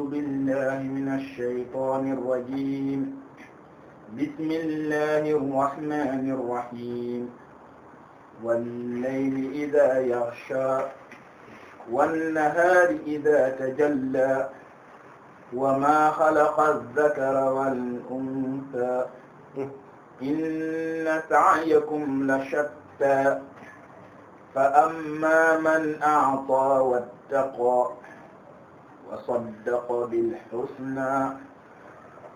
أعوذ بالله من الشيطان الرجيم بسم الله الرحمن الرحيم والليل إذا يغشى والنهار إذا تجلى وما خلق الذكر والأنثى إن سعيكم لشتى فأما من أعطى واتقى wa saddaqa bil husnaa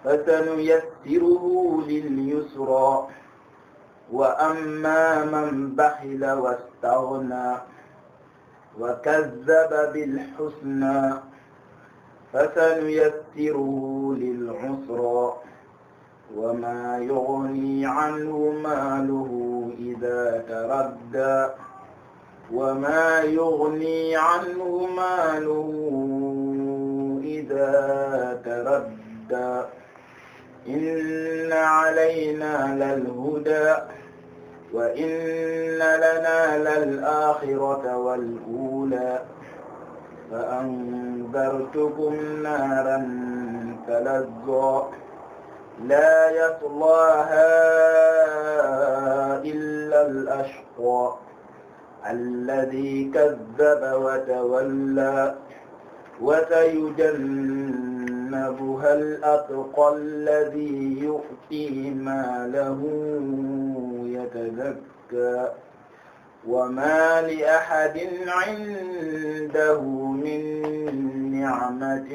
fasanuyassiruhu lil yusraa wa ammaa man baxila wastaghnaa wa kazzaba bil husnaa fasanuyassiruhu lil usraa وما يغني عنه ماله إذا تردى وما يغني عنه ماله إذا تردى إن علينا للهدى وإن لنا للآخرة والأولى فأنذرتكم نارا تلظى لا يصلاها إلا الأشقى الذي كذب وتولى وسيجنبها الأتقى الذي يؤتي ماله يتزكى وما لأحد عنده من نعمة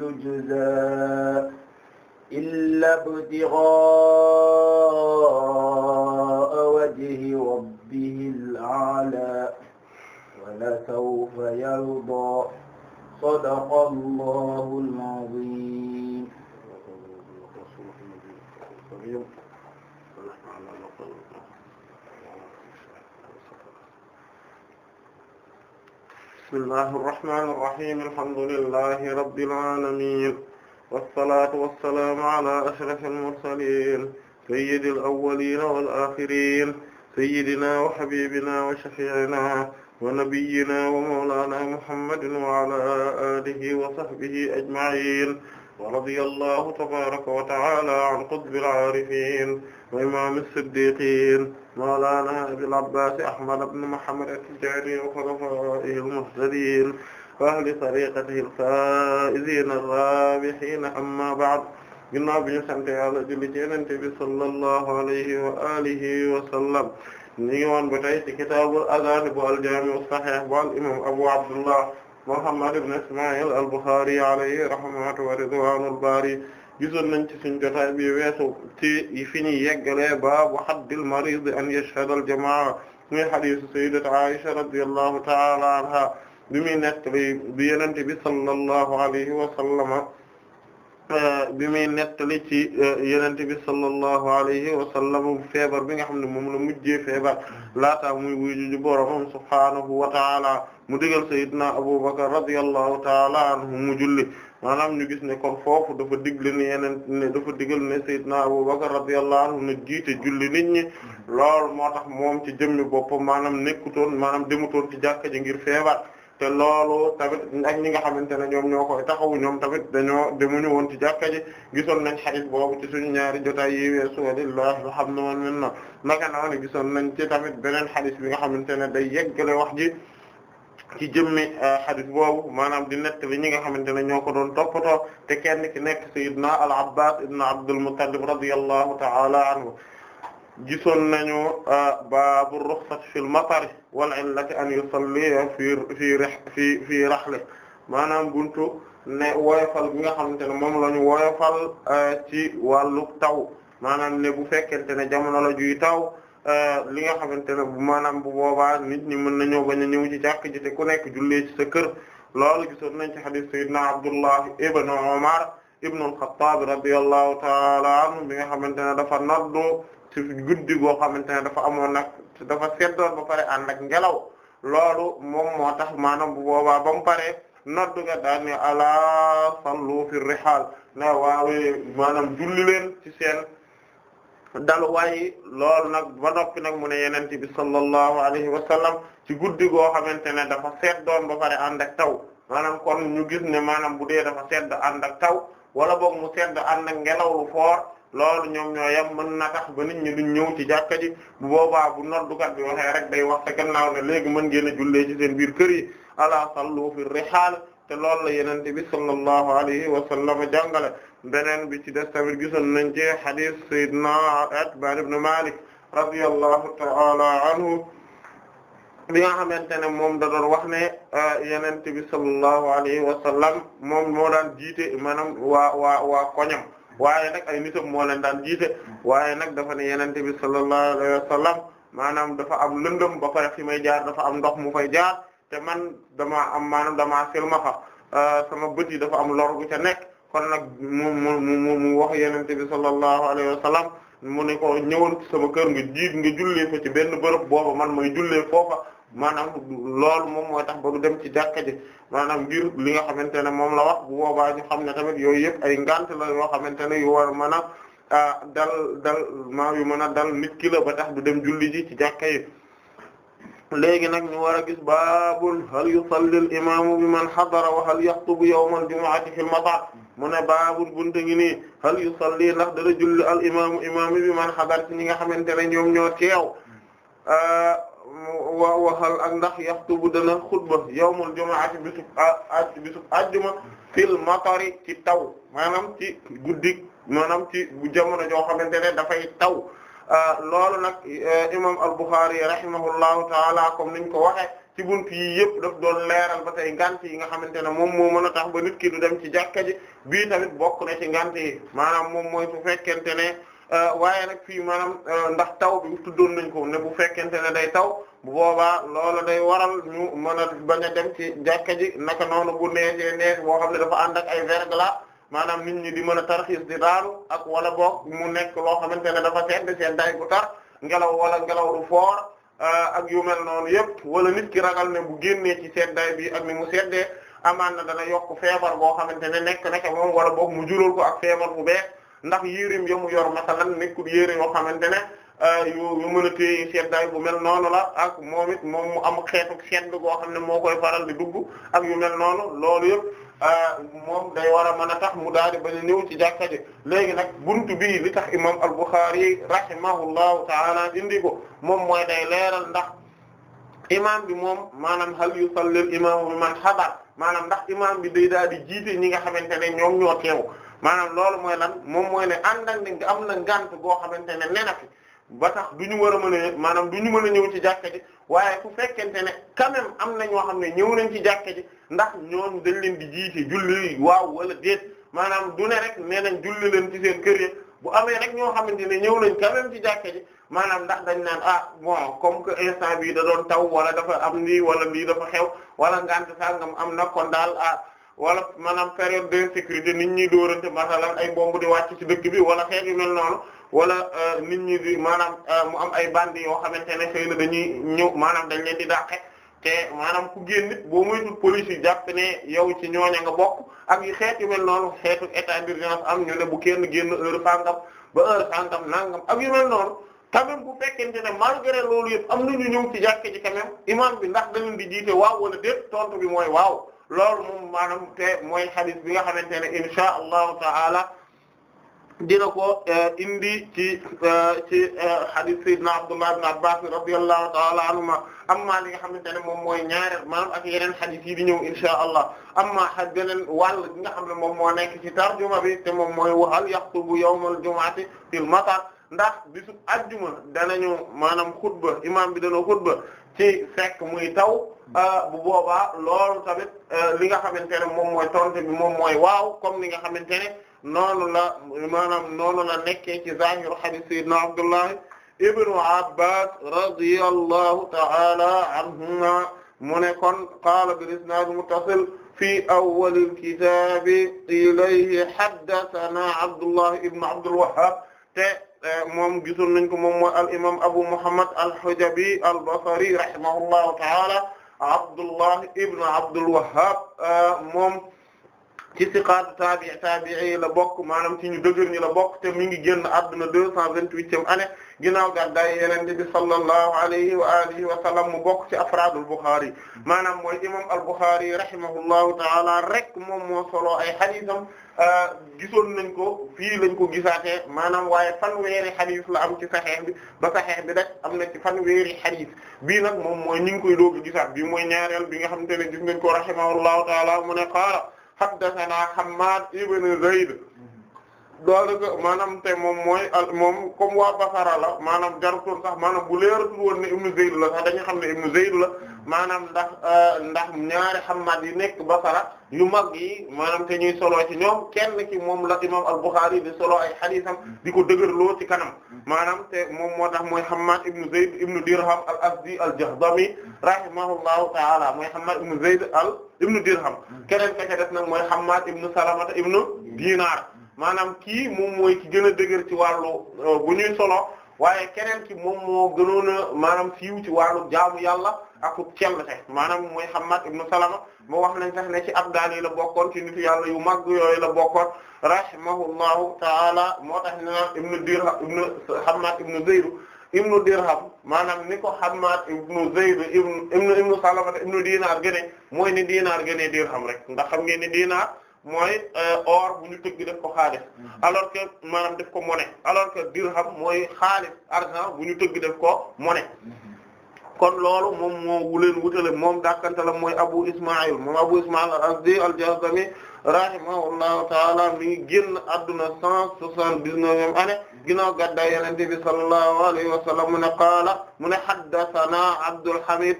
تجزى إلا ابتغاء وجه ربه الأعلى ولسوف يرضى صدق الله العظيم بسم الله الرحمن الرحيم الحمد لله رب العالمين والصلاة والسلام على أشرف المرسلين سيد الأولين والآخرين سيدنا وحبيبنا وشفيعنا wa nabiyyina wa mawlana muhammadin wa ala alihi wa sahbihi ajma'in wa radiyallahu tabaraka wa ta'ala an qutbil arifin wa imam as-siddiqin mawlana abil abbas ahmad ibn muhammad at-tijani wa khulafa'ihi al-muhtadin wa ahli tariqatihi al-fa'izin ar-rabihin amma ba'd ginnaaw bi ñu sant Yàlla julli ci Yonent bi sallallahu alayhi wa alihi wa sallam ñu ngi woon ba tey ci kitaabul adaan bu al-jaami' as-sahiih bu al-imaam Abu Abdullah Muhammad ibn Isma'il al-Bukhari alayhi rahmatu wa ridwaanul baari gisoon nañ ci suñu jotaay bi weesu ci fi ñuy yeggalee baabu haddil mariid an yashhada al-jamaa'a muy hadiisu sayyidati Aisha radiyallahu ta'ala anha bi muy nettali bi Yonent bi sallallahu alayhi wa sallam Euh, bi muy nettali ci euh, yonent bi sallallahu alayhi wa sallam feebar bi nga xam ne moom la mujjee feebar laata muy wuyu ji boromam subhaanahu wa taala mu digal sayyidina Abubakar radiyallahu taala anhu mu julli maanaam ñu gis ne kon foofu dafa digle ne yeneen ne dafa digal ne sayyidina Abubakar radiyallahu anhu na jiite julli nit ñi loolu moo tax moom ci jëmmi boppam maanaam nekkutoon maanaam demutoon ci jàkka ji ngir feebar. te loolu tamit ak ñi nga xamante ne ñoom ñoo koy taxawu ñoom tamit dañoo demuñu woon ci jàkka ji gisoon nañ xadis boobu ci suñu ñaari jotaay yi weesu walillahi alhamdu wal minna naka noonu gisoon nañ ci tamit beneen xadis bi nga xamante ne day yeggale wax ji ci jëmmi euh, xadis boobu maanaam di nett li ñi nga xamante ne ñoo ko doon toppatoo te kenn ki nekk sayyidna al abbas ibn abdul muttalib radiyallahu ta'ala anhu gisoon nañu baabu ruxsat fil matari wal illati an yusalliya fi fi fi fi raxle maanaam buntu ne woyofal bi nga xamante ne moom la ñu woyofal ci wàllu taw maanaam ne bu fekkente ne jamono la juy taw li nga xamante ne bu maanaam bu boobaa nit ñi mën nañoo bañ a ñëw ci jàkk ji te ku nekk jullee ci sa kër loolu gisoon nañ ci hadith sayyidina Abdullah ibn Umar ibn al-Khattab radiyallahu ta'ala anhu bi nga xamante ne dafa noddu ci guddi goo xamante ne dafa amoon nag dafa seddoon ba pare ànd ak ngelaw loolu moom moo tax maanaam bu boobaa ba pare paree noddu ga daan ne alaa sallu fi rihaal na waawee maanaam julli leen ci seen daluwaay loolu nag ba noppi nag mu ne yeneen bi sallallahu alayhi wa ci guddi goo xamante ne dafa seddoon ba pare ànd ak taw maanaam kon ñu gis ne maanaam bu dee dafa sedd ànd ak taw wala boog mu sedd ànd ak ngelaw foor loolu ñoom ñoo yam mën na tax ba nit ñi duñ ñëw ci jàkka ji bu boobaa bu noddukat bi waxee rek day wax te gannaaw ne léegi mën a jullee ci seen biir kër yi ala sallu fi rihaal te loolu la yenente bi sallallahu alayhi wa sallam jàngale beneen bi ci des tamit gisoon nañ ci hadith sayyidina Atbaan ibn Maalik radiyallahu ta'ala anhu bi nga xamante ne moom da doon wax ne euh, yenente bi sallallahu alayhi wa sallam moom moo daan jiite maanaam waa waa waa koñam waaye nag ay nitam moo leen daan jiite waaye nag dafa ne yenente bi sallallahu alayhi wa sallam maanaam dafa am lëndëm ba pare fi may jaar dafa am ndox mu fay jaar te man damaa am maanaam damaa silmaxa euh, sama bët yi dafa am lor bu ca nekk kon nag mu mu mu wax yenente bi sallallahu alayhi wa sallam mu ne ko ñëwoon sama kër ngi jiit ngi jullee fa ci benn bërëb booba man mooy jullee foofa maanaam lool moom mooy tax ba du dem ci jàkka ji maanaam ngir li nga xamante ne moom la wax bu boobaa ñu xam na tamit yooyu yëpp ay ngant la yoo xamante ne yu war mën a dal dal yu mën a dal nit ba tax du dem julli ji ci jàkka yi léegi nag ñu war a gis baabul hal yusalli al imaamu bi man xadara wa hal yaxtubu yawmal jumu'ati fil matar mu ne baabul bunte ngi nii hal yusalli ndax dara julli al imaamu imaamu bi man xadar ci ñi nga xamante ne ñoom ñoo teew wa waxal ak ndax yaxtubu dana xutba yawmul jumu'ati bisub a bisub ajjuma fil matari ci taw maanaam ci guddi maanaam ci jamono joo xamante ne dafay taw loolu nag e, imam al-Bukhari rahimahullahu taala comme niñ ko waxe ci bunt yi yëpp daf doon leeral ba tey ngant yi nga xamante ne moom moo mën a tax ba nit ki du dem ci jàkka ji bii tamit bokk na ci ngant yi maanaam moom mooy su fekkente ne Euh, waaye nag fii maanaam euh, ndax taw bi tuddoon nañ ko ne bu fekkente ne day taw bu boobaa loolu day waral ñu mën a bañ a dem ci jàkka ji naka noonu bu neexee neex boo xam ne dafa ànd ak maanaam nit ñi di mën a tarxiis di daanu ak wala boog mu nekk loo xamante ne dafa sedd seen day bu tar ngelaw wala ngelaw lu foor euh, ak yu mel noonu yëpp wala nit ki ragal ne bu génnee ci seddaay bi ak ni mu seddee amaan na dana yokk feebar boo xamante ne nekk na ca moom wala boog mu jural ko ak feebar bu bees. ndax yérim yamu yor masalan nekkul yére yoo xamante ne euh, yu mën a téye seddaay bu mel noonu la ak moom moom mu am xeetu sedd goo xam ne moo koy faral di dugg ak yu mel noonu loolu yëpp euh, moom day war a mën a tax mu daal di bañ a ñëw ci jàkka ji léegi nag buntu bii bi tax imam al-Bukhari rahimahullahu ta'ala indi ko moom mooy day leeral ndax imam bi moom maanaam hal yusalli al imaamu man xabar maanaam ndax imam bi day daal di jiite ñi nga xamante ne ñoom ñoo teew maanaam loolu mooy lan moom mooy ne ànd ne am na ngant goo xamante ne ne ba tax du ñu war a maanaam du ñu mën a ñëw ci jàkka waaye su fekkente ne quand am na ñoo xam ne ñëw nañ ci jàkka ji ndax ñoom dañ leen di jiite julli waaw wala déet maanaam du ne rek nee nañ julli leen ci seen kër yi bu amee rek ñoo xamante ne ñëw nañ quand même ci jàkka ji maanaam ndax dañ naan ah bon comme que instant bii da doon taw wala dafa am nii wala lii dafa xew wala ngant sangam am na kon daal ah. wala maanaam période de sécurité nit ñi dóorante masalan ay bomb di wàcc ci dëkk bi wala xeet yu mel noonu wala euh, nit ñi di maanaam euh, mu am ay bandi yoo xamante ne xëy na dañuy ñëw maanaam dañ leen di dàqe te maanaam ku génn nit boo moytu police yi jàpp ne yow ci ñooña nga bokk ak yu xeet yu mel noonu xeetu état d'urgence am ñu bu kenn génn heure sangam ba nangam ak yu noonu quand bu fekkente ne malgré loolu yëpp am nañu ñëw ci jàkke ji quand bi ndax dañu di jiite waaw wala déet tontu bi mooy waaw loolu moom maanaam te mooy xadis bi nga xamante ne insha allahu ta'ala dina ko eh, indi ci eh, ci eh, xadis sayyidina Abdullah ibn Abbas radiyallahu ta'ala anhuma amma li nga xamante ne moom mooy ñaareel maanaam ak yeneen xadis yi di ñëw insha allah amma xaj beneen wàll bi nga xam ne moom moo nekk ci tarjuma bi te moom mooy waxal yaxtubu yawmal jumu'ati fil matar ndax bisu ajjuma danañu maanaam xutba imam bi dana xutba ci fekk muy taw Euh, bu boobaa loolu tamit euh, li nga xamante ne moom mooy tontu bi moom mooy waaw comme ni nga xamante ne noonu la maanaam noonu la nekkee ci zahiru hadith sayyidina Abdullah ibnu Abbas radiyallahu ta'ala anhuma mu ne kon qaala bil isnaad muttasil fi awwal al-kitaab ilayhi haddathanaa Abdullah ibnu Abdul Wahhab te e, moom gisul nañ ko moom mooy al imaam Abu Muhammad al-Hijabi al-Basri rahimahullahu ta'ala Abdullah ibn Abdul Wahhab euh, moom ci siqaatu taabi taabii yi la bokk maanaam ci ñu dëgër ñi la bokk te mi ngi génn adduna deux cent vingt-huitième année ginnaaw gàddaay yeneen bi sallallahu alayhi wa alihi wa mu bokk ci afraadul Bukhari maanaam mooy imam al Bukhari rahimahullahu taala rek moom moo solo ay xadisam euh, gisoon nañ ko fii lañ ko gisaatee maanaam waaye fanweeri xadis la am ci saxeex bi ba saxeex bi rek am na ci fanweeri xadis bii nag moom mooy ñu ngi koy doogi gisaat bi mooy ñaareel bi nga xamante ne gis ko rahimahullahu taala mu ne haddathana Hammad ibn Zayd loolu maanaam te moom mooy moom comme waa Basara la maanaam jarutoon sax maanaam bu leeratul woon ne Ibnu Zayd la sax dañu xam ne Ibnu Zayd la maanaam ndax euh, ndax ñaari Hammaad yi nekk Basara yu mag yi maanaam te ñuy solo ci ñoom kenn ci moom la imaam al-Bukhari di solo ay xadiisam di ko dëgërloo ci kanam maanaam te moom moo tax mooy Hammaad Ibnu Zayd Ibnu Dirham al-Azdi al-Jahdami rahimahullahu ta'ala mooy Hammaad Ibnu Zayd al Ibnu Dirham keneen fekk def nag mooy Hammaad Ibnu Salamata Ibnu Dinar maanaam kii moom mooy ki gën a dëgër ci wàllu euh, bu ñuy solo waaye keneen ki moom moo gënoon a maanaam siiw ci wàllu jaamu yàlla ak cell te maanaam mooy Hammad ibn Salama moo wax nañ sax ne ci abdaan yi la bokkoon ci nitu yàlla yu mag yooyu la bokkoon rahimahullahu taala moo tax ne naan ibn Dirham ibn Hammad ibn Zayd ibn Dirham maanaam ni ko Hammad ibn Zayd ibn ibn Salama ibn Dinaar gëne mooy ni Dinaar gëne Dirham rek ndax xam ngeen ni Dinaar mooy euh, or bu ñu tëgg def ko xaalis mm-hmm. alors que def ko monnaie alors que dirham mooy xaalis argent bu ñu tëgg def ko monnaie mm-hmm. kon loolu moom moo wuleen wutale moom dàkkante la mooy Abu Ismaïl moom Abu Ismaïl al-Azdi al-Jazami rahimahullahu taala mi ngi génn adduna cent soixante-dix-neuvième année ginnaaw gàddaay Yonent bi sallallahu alayhi wa sallam mu ne qaala mu ne haddathana Abdul Hamid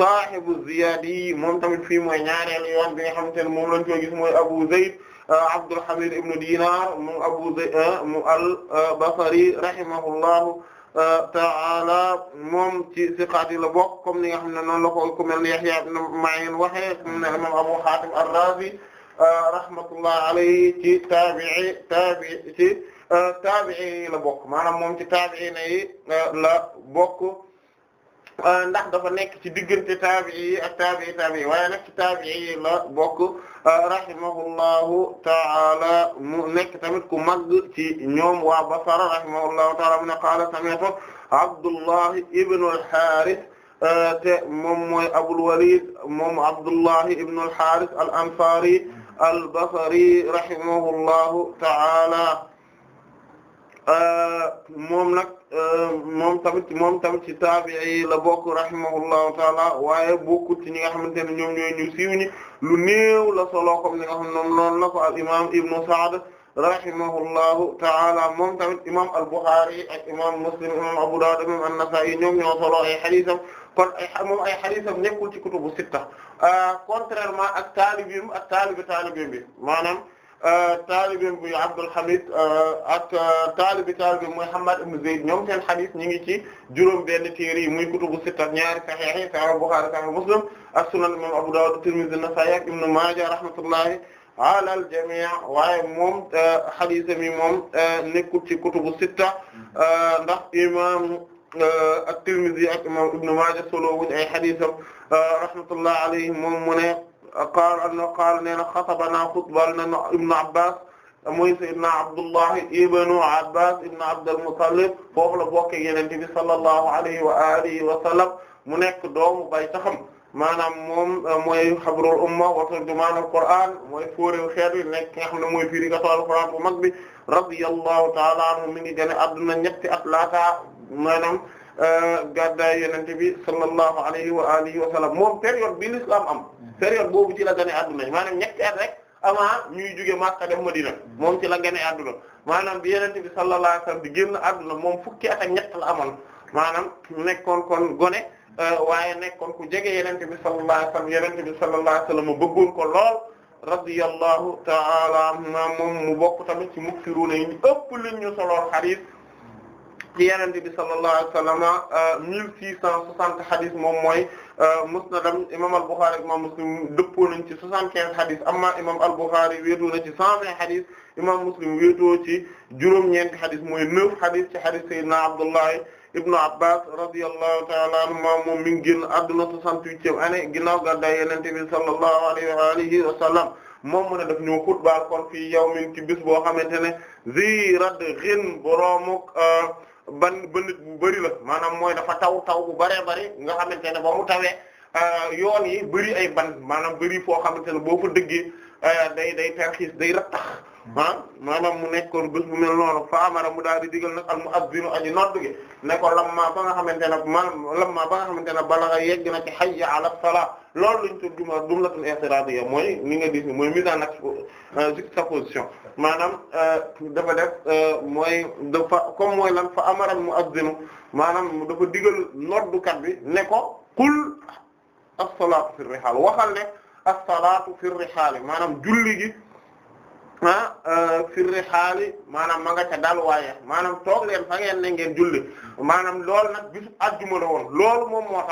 saahibu ziyaadi moom tamit fii mooy ñaareelu yoon bi nga xamante ne moom lañ koy gis mooy Abu Zayd ah, Abdul Hamid ibn Dinar mu Abu Zayd ah, mu al-Basri ah, rahimahullahu ta'ala moom ci siqaat yi la bokk comme ni nga xam ne noonu la ko ku mel ni Yahya ibn Ma'in waxee comme ne imam Abu Hatim ar-Razi rahmatullahi alayhi ci taabi'i taabi'i ci taabi'i yi la bokk maanaam moom ci taabi'i yi la bokk. Euh, ndax dafa nekk ci diggante taabii ak taabii taabii waaye nag ci taabii la bokk euh, rahimahullahu ta'ala mu nekk tamit ku màgg ci ñoom waa Basra rahimahullahu ta'ala mu ne qaala sami'tu Abdullahi ibn al-Harith euh, te moom mooy Abul Walid moom Abdullahi ibn al-Harith al-Ansari al-Basri rahimahullahu ta'ala Euh, moom nag euh, moom tamit moom tamit ci taabi'i la bokk rahimahullahu taala waaye bokkul ci ñi nga xamante ne ñoom ñooy ñu siiw ñi lu néew la solo comme ni nga xam ne noonu la ko al imaam taala moom tamit imaam al Bukhari ak imaam Muslim imaam Abu Dawud imaam an-Nasa'i ñoom ñoo ay xadiisam kon ay moom ay xadiisam nekkul ci kutubu sitta euh, ak taalibim Euh, taalibe bu Abdul Hamid euh, ak euh, taalibe taalibe Muhammad ibn Zayd ñoom seen hadith ñi ngi ci juróom benn téere yi muy kutubu sitta ñaari sahih sahih Bukhari sahih Muslim a sunan imam Abu Dawud Tirmidhi Nasa'i ak Ibn Maaja rahmatullahi ala al jami' waaye moom hadith mi moom nekkul ci kutubu sitta ndax imam at-Tirmidhi ak imam Ibn qaala annahu qaala nee na xatabanaa xutbal na ibnu abbas muy sayyidina abdullahi ibnu abbas ibnu abdul muttalib foofu la bokk yonent bi sallallahu alayhi wa alihi wa sallam mu nekk doomu bay taxam maanaam moom euh, mooy xabrul umma wa turjumaanul qur'aan mooy fóoréw xeet yi nekk nga xam ne mooy firi katoal qur'aan bu mag bi radiyallahu ta'ala anhu mi ngi gën a adduna ñetti at laata maanaam Euh, gaddaay yenente bi sallallahu alayhi wa alihi wa sallam moom période bi l'islam am période boobu ci la gane adduna maanaam ñetti at rek avant ñuy jóge Makka dem Madina moom ci la gane adduna maanaam bi yenente bi sallallahu alayhi wa sallam di génn adduna moom fukki at ak ñett la amoon maanaam nekkoon kon gone euh, waaye nekkoon ku jege yenente bi sallallahu alayhi wa sallam yenente bi sallallahu alayhi ko lool radiyallahu ta'ala anhu moom mu bokk tamit ci muksiruna yi ñu ëpp liñ ñu solool xadiis ci Yonent bi sallallahu alayhi wa sallam 1660 euh, hadith moom mooy euh, musnadam imam al-Bukhari ak imam Muslim dëppoo nañ ci 75 hadith amma imam al-Bukhari wéetoo na ci 120 hadith imam Muslim mooy 9 hadith ci hadith Sayyidina Abdullah ibnu Abbas radiyallahu ta'ala anhuma moom mi ngi génn adduna 68e année ginnaaw gàddaay Yonent bi sallallahu alayhi wa alihi wa sallam moom mu ne daf ñu xutbaal kon fii yawmin ci bis boo xamante ne zi radghin boroomuk euh, ban bënit bu bëri la maanaam mooy dafa taw taw bu bëree bëri nga xamante ne ba mu tawee euh, yoon yi bëri ay ban maanaam bëri foo xamante ne boo fa dëggee euh, day day tarxiis day rattax hmm. ah maanaam mu nekkoon bés bu mel noonu amara mu daal di digal nag al muazzinu aji noddu gi ne ko lamma ba nga xamante ma lamma ba xamante ne bala nga yegg na ci hayya ala loolu lañ tudd duma dum la tun insérabi ya mooy ni nga gis ni mooy mise en action euh, juxtaposition maanaam euh, dafa def euh, mooy dafa comme mooy fa amara al muazzinu maanaam dafa digal noddukat bi ne ko qul as-salaatu fi rihaal waxal ne as-salaatu fi rihaal maanaam julli gi ah, euh, fi rihaal maanaam ma nga dal waaye maanaam toog fa ngeen ne julli maanaam loolu nag bisu àjjuma la woon loolu moom moo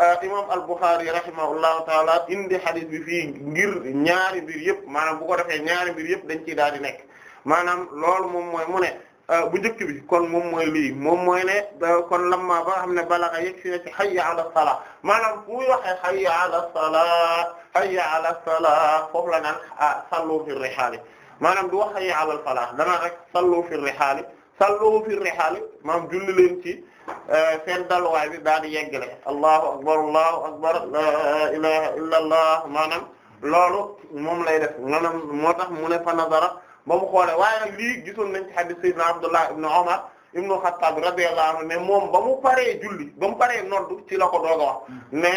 Euh, imam al-Bukhari rahimahullahu taala indi hadith bi fii ngir ñaari bi yëpp maanaam bu ko defee ñaari mbir yëpp dañ ciy daal di nekk maanaam loolu moom mooy mu ne euh, bu njëkk bi kon moom mooy lii moom mooy ne euh, kon lamma ba xam ne balaga yegg si ne ci hayya ala salaa maanaam bu waxee hayya ala salaa hayya ala salaa foofu la naan ah sallu fi rihaali maanaam du wax hayya ala salaa dana rek sallu fi rihaali sallu fi rihaali maanaam julli leen ci. Eh, seen dalwaay bi daal di yeggale allahu akbar allahu akbar la ilaha illa allah maanaam loolu moom lay def maanaam moo tax mu ne fa nazara ba mu xoolee waaye nag lii gisoon nañ ci hadith sayyidina abdullah ibn umar ibnu xattaab radiyallahu anhu ne moom ba mu paree julli ba mu paree noddu ci la ko doog a wax ne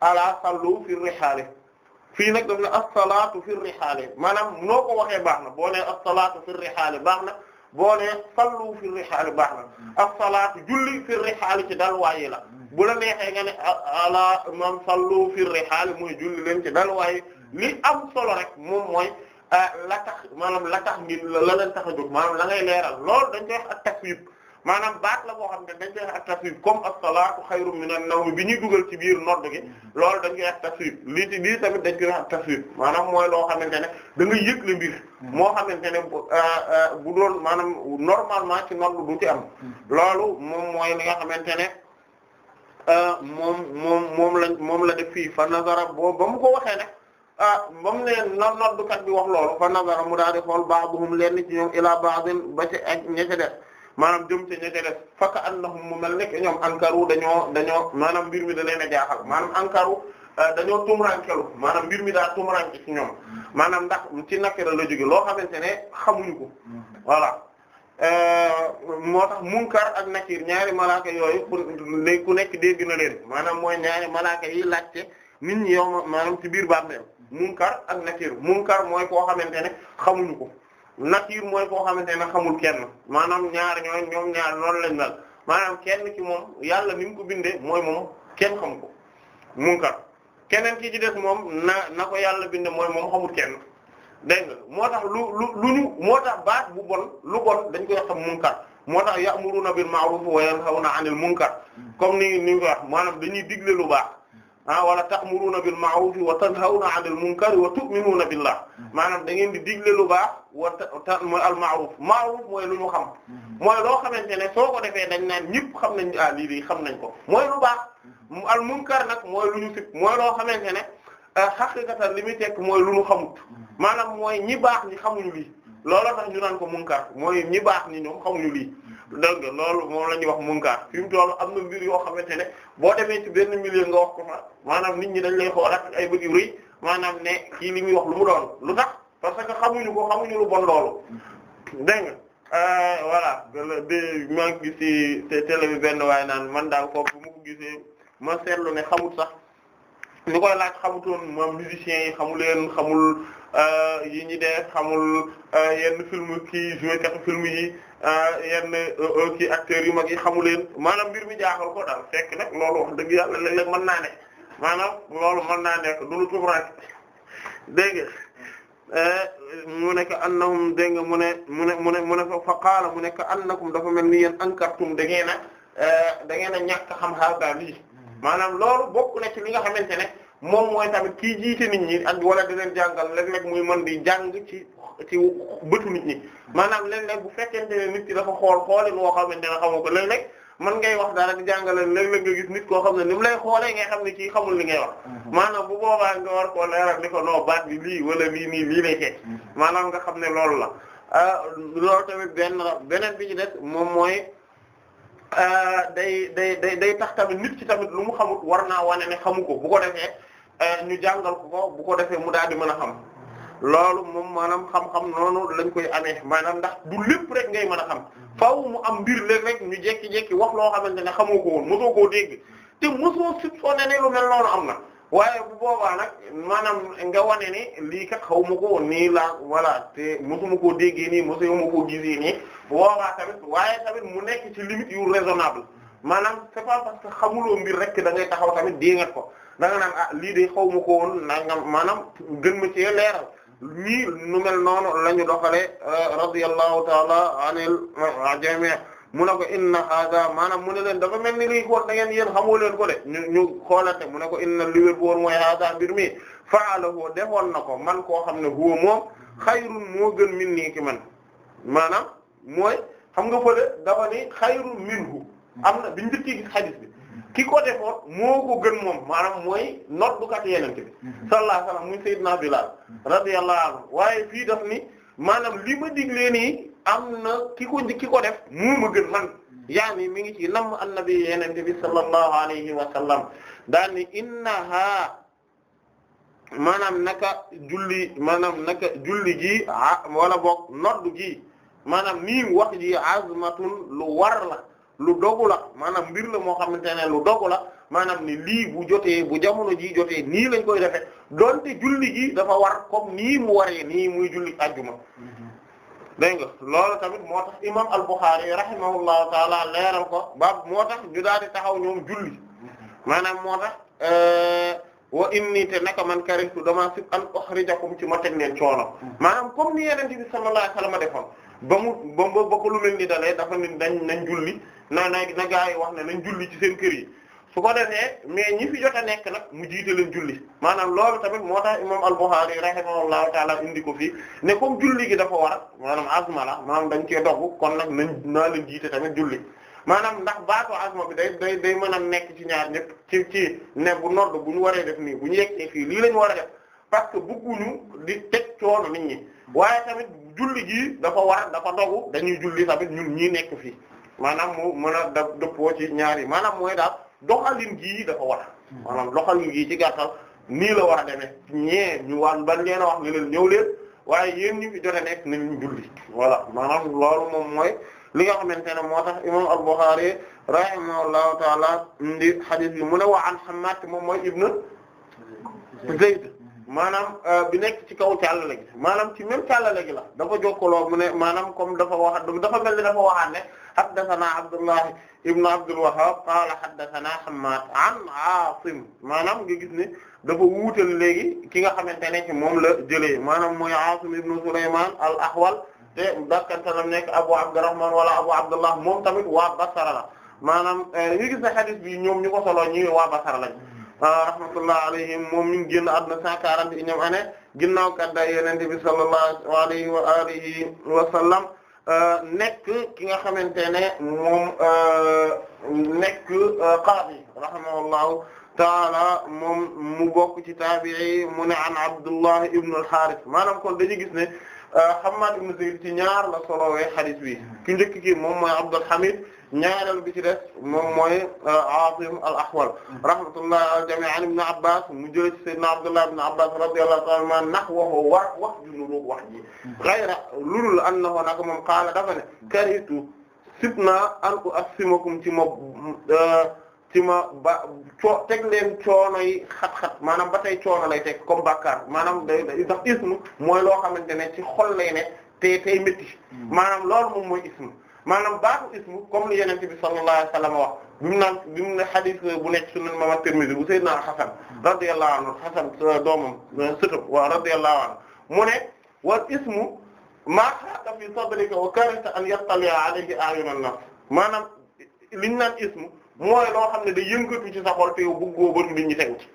ala sallu fi rihaali fii nag daf ne as-salaatu fi rihaali maanaam noo ko waxee baax na boo nee as-salaatu fi rihaali baax na boo ne sallu fi rihaal baax na as-salaatu julli fi rihaal ci dal waaye la bu la neexee nga ne ala man sallu fi rihaal mooy julli leen ci dal waaye li am solo rek moom mooy ah, la tax maanaam la tax ngir la leen tax a jóg la ngay leeral loolu dañ koy wax ak maanaam baat la boo xam ne dañ koy ak tasrif comme as-salaatu xayrun minan nawm bi ñuy dugal ci biir nodd gi loolu dañ ak tasrif lii ci lii tamit dañ koy maanaam mooy loo xamante ne da nga yëg le mbir moo xamante ne euh, euh, bu doon maanaam normalement ci nodd du ci am loolu moom mooy li nga xamante ne euh, moom moom moom lañ moom la def fii fa nazara boo ba mu ko waxee nag ah ba mu ne no noddukat bi wax loolu fa nazara mu daal di xool ba'dhum lenn ci ñoom ilaa ba'dhin ba ci ak ña def maanaam jëm ci ña ca def faka annahum mu mel nekk ñoom ankaru dañoo dañoo maanaam mbir mi da leen a jaaxal maanaam ankaru euh, dañoo tumrankelu maanaam mbir mi daa tumranke ci ñoom maanaam ndax ci nakira la jóge loo xamante ne xamuñu ko voilà euh, moo tax munkar ak nakir ñaari malaaka yooyu ku nekk dégg na leen maanaam mooy ñaari malaaka yi laajte nit ñi yow maanaam ci biir bàmmeel munkar ak nakir munkar mooy koo xamante ne xamuñu ko nature mooy koo xamante ne xamul kenn maanaam ñaar ñoo ñoom ñaar noonu lañ mel maanaam kenn ci moom yàlla ni ko bindee mooy moom kenn xam ko munkar keneen ki ci des moom na na ko yàlla bindee mooy moom xamul kenn dégg nga moo tax lu lu lu moo tax baat bu bon lu bon dañ koy xam munkar moo tax ya'muruna bil ma'ruf wa yanhawna 'anil munkar comme ni ni ko wax maanaam dañuy digle lu baax ah wala ta'muruna bil ma'ruf wa tanhawna 'anil munkar wa tu'minuna billah maanaam da ngeen di digle lu baax wa ta'muruna al ma'ruf ma'ruf mooy lu ñu xam mooy loo xamante ne soo ko defee dañ naan ñëpp xam nañ ah lii lii xam nañ ko mooy lu baax al munkar nag mooy lu ñu loo xamante ne ah, haqiqatan li muy tekk mooy lu ñu xamut maanaam mooy ñi baax ñi xamuñu lii looloo tax ñu naan ko munkar mooy ñi baax ñi ñoom xamuñu lii dégg nga loolu moom la ñuy wax munkar fi mu toll am na mbir yoo xamante ne boo demee ci benn milieu nga wax ko ma maanaam nit ñi dañ lay xoolaat ay bët yu rëy maanaam ne kii li muy wax lu mu doon lu tax parce que xamuñu ko xamuñu lu bon loolu nga euh, voilà maa ngi gis ci télé bi benn waaye naan man daal foofu bu ma ko gisee ma seetlu ne xamut sax ñu koy laaj xamutoon moom musiciens yi xamu leen xamul Euh, yi ñi de xamul euh, yenn film kii joué katu film yi euh, yenn kii acteur yu mag yi xamu leen maanaam mbir mi jaaxal ko daal fekk nag loolu wax dëgg yàlla léeg-léeg mën naa maanaam loolu mën naa nekk du lu tubraak dégg mu ne ka annahum dégg nga mu ne mu ne mu ne mu ne fa qaala mu ne ka annakum dafa mel ni yéen ankartum da ngeen a da ngeen a ñàkk xam xaalis daal lii mm-hmm. maanaam loolu bokk na ci li nga xamante ne. moom mooy tamit kii jiite nit ñi ak wala di jàngal léeg-léeg muy man di jàng ci ci bëtu nit ñi maanaam léeg-léeg bu fekkente ne nit ki dafa xool xoolin woo xamante ne xamoo ko léeg-léeg mën ngay wax dara di jàngale léeg-léeg nga nit koo xam ne ni mu lay xoolee ngay xam ne kii xamul li ngay wax mhm. maanaam bu boobaa nga war koo leeral ni noo baat bi lii wala lii nii lii lay mhm. maanaam nga xam ne loolu la ah, loolu tamit benn beneen bi ci des moom mooy ah, day day day day tax tamit nit ki tamit lu mu xamut war naa wane ne xamu ko bu ko defee Eh, ñu jàngal ko ko bu ko defee mu daal di mën a xam loolu moom maanaam xam-xam noonu lañ koy amee maanaam ndax du lépp rek ngay mën a xam faaw mu am mbir léeg ñu jekki-jekki wax loo xamante ne xamoo ko woon mosoo koo dégg te mosoo soupçonné ne lu mel noonu na waaye bu boobaa nag maanaam nga wane ne lii kat xaw ma ko nii laa voilà te mosuma koo déggee nii mosuma koo gisee nii boobaa waaye tamit mu nekk ci limite yu maanaam c'est pas xamuloo mbir rek da ngay taxaw tamit déngat ko da naan ah lii de xaw ma ko woon nangam maanaam gën ma cee leeral ñii nu mel noonu la ñu doxalee euh, radiyallahu taala anil jami' mu ne ko inna hada maanaam mu ne leen dafa mel ni lii ko da ngeen xamoo leen ko de ñu ñu xoolante mu ne ko inna li wér woon mooy hada mbir mi fa'alahu defoon na ko man koo xam ne huwa moom xayrun moo gën min nii ki man maanaam mooy xam nga fële dafa ni xayrun minhu am na biñu njëkkee gis hadith bi ki ko defoon gën moom maanaam mooy noddukat yeneen bi mhm. sallallahu alayhi wasallam muy Seydina Bilal mhm. radiyallahu anhu waaye fii daf ni maanaam li ma diglee nii am na ki ki ko def moo ma gën man mhm. yaa mi ngi ci nam annabi yeneen bi sallallahu alayhi wa sallam daal ni innaha maanaam naka julli maanaam julli gi wala boog noddu gi maanaam nii wax ji azmatun lu war lu dogu la maanaam mbir la moo xamante ne lu dogu la maanaam ni lii bu jotee bu jamono ji jotee nii lañ koy defee donte julli gi dafa war comme nii mu waree nii muy julli ajjuma dégg nga loolu tamit moo tax imam al-Bukhari rahimahullahu taala leeral ko baab moo tax ñu daal taxaw ñoom julli maanaam moo tax euh, wa inni te naka man karihtu dama sib an ukhrijakum ci ma teg leen coono mm-hmm. maanaam comme ni yenente bi sallallahu alayhi wasallam ba mu ba ba ko lu mel ni dalee dafa ni dañ nañ julli na na gaa yi wax ne nañ julli ci seen kër yi su ko defee mais ñi fi jot a nekk nag mu jiite leen julli maanaam loolu tamit moo tax imam al-Bukhari rahimahullahu taala indi ko fii ne comme julli gi dafa war maanaam dañ dogg kon nag nañ naa leen jiite tamit julli maanaam ndax baatoo azma bi day day day mën a nekk ci ñaar ñëpp ci ci ne bu nodd bu ñu waree def nii bu ñu yeggee fii lii la ñu war a def parce que bëgguñu di teg coono nit ñi waaye tamit julli gi dafa war dafa dogu dañuy julli tamit ñun ñii nekk fii maanaam mu mën a da dëppoo ci ñaari maanaam mooy daal doxalin gii dafa war maanaam doxalin gii ci gàttal nii la war a ñee ñu waan ban leen a wax ne leen ñëw leen waaye yéen ñi fi jot nekk nañu julli voilà maanaam loolu moom mooy li nga xamante ne moo tax imam al-Bukhari rahimahullahu taala ndi hadith bi mu ne wa an Hammad moom mooy ibn maanaam euh, bi nekk ci kaw càllale gi maanaam ci même càllale gi la dafa jokkaloo mu ne maanaam comme dafa wax dafa mel ni dafa waxaat ne haddathana Abdullah ibn Abdul Wahhab qaala haddathana Hammad an Aasim maanaam nga gis ne dafa wuutal léegi ki nga xamante ne ci moom la jëlee maanaam mooy Aasim ibn Sulaymaan al-Ahwal te dakkantalam nekk Abu Abdurrahman wala Abu Abdullah moom tamit waa Basra la maanaam nga euh, gis ne hadith bi ñoom ñu ko solo ñi waa Basra lañ rahmatullah alayhim moom mi génn àdduna cent quarante et unième année ginnaaw kàddaay Yonent bi sallallahu alayhi wa alihi wa sallam euh, nekk ki nga xamante ne moom euh, nekk euh, qaadi rahimahullahu taala moom mu bokk ci taabi'i mu ne an Abdullah ibn al-Harith maanaam kon dañu gis ne Hammad ibn Zayd ci ñaar la solowee hadith bi ki njëkk ki moom mooy Abdul Hamid ñaareel bi ci des moom mooy euh, Aasim al-Ahwal mm-hmm. rahmatullah al-jamii' an Ibn Abbas mu jëlee ci Sayyidina Abdullah ibn Abbas radiyallahu ta'ala anhumaa nahwahu wax wax ju nuróog wax ji mm-hmm. ghayra lulul annahu nag moom qaala dafa ne karitu sib naa an u'assimakum euh, ci ma ba coo teg leen coono yi xat-xat maanaam ba tey coono lay teg comme bàkkaar maanaam day ndax ismu mooy loo xamante ne ci xol lay ne te tey métti mm-hmm. maanaam loolu moom mooy ismu maanaam baax ismu comme li yenente bi sallallahu alayhi wa sallam wax bi mu naan bi mu ne hadith bu nekk sunan imam at-Tirmidhi bu sayyidina Hasan radiyallahu anhu Hasan doomam sëtam waaw radiyallahu anhu mu ne wal ismu ma haqa fi sadrika wa karihta an yattali'a alayhi a'yunun nas maanaam liñ naan ismu mooy loo xam ne da yëngatu ci sa xol te yow bëggoo bët nit ñi tegu ci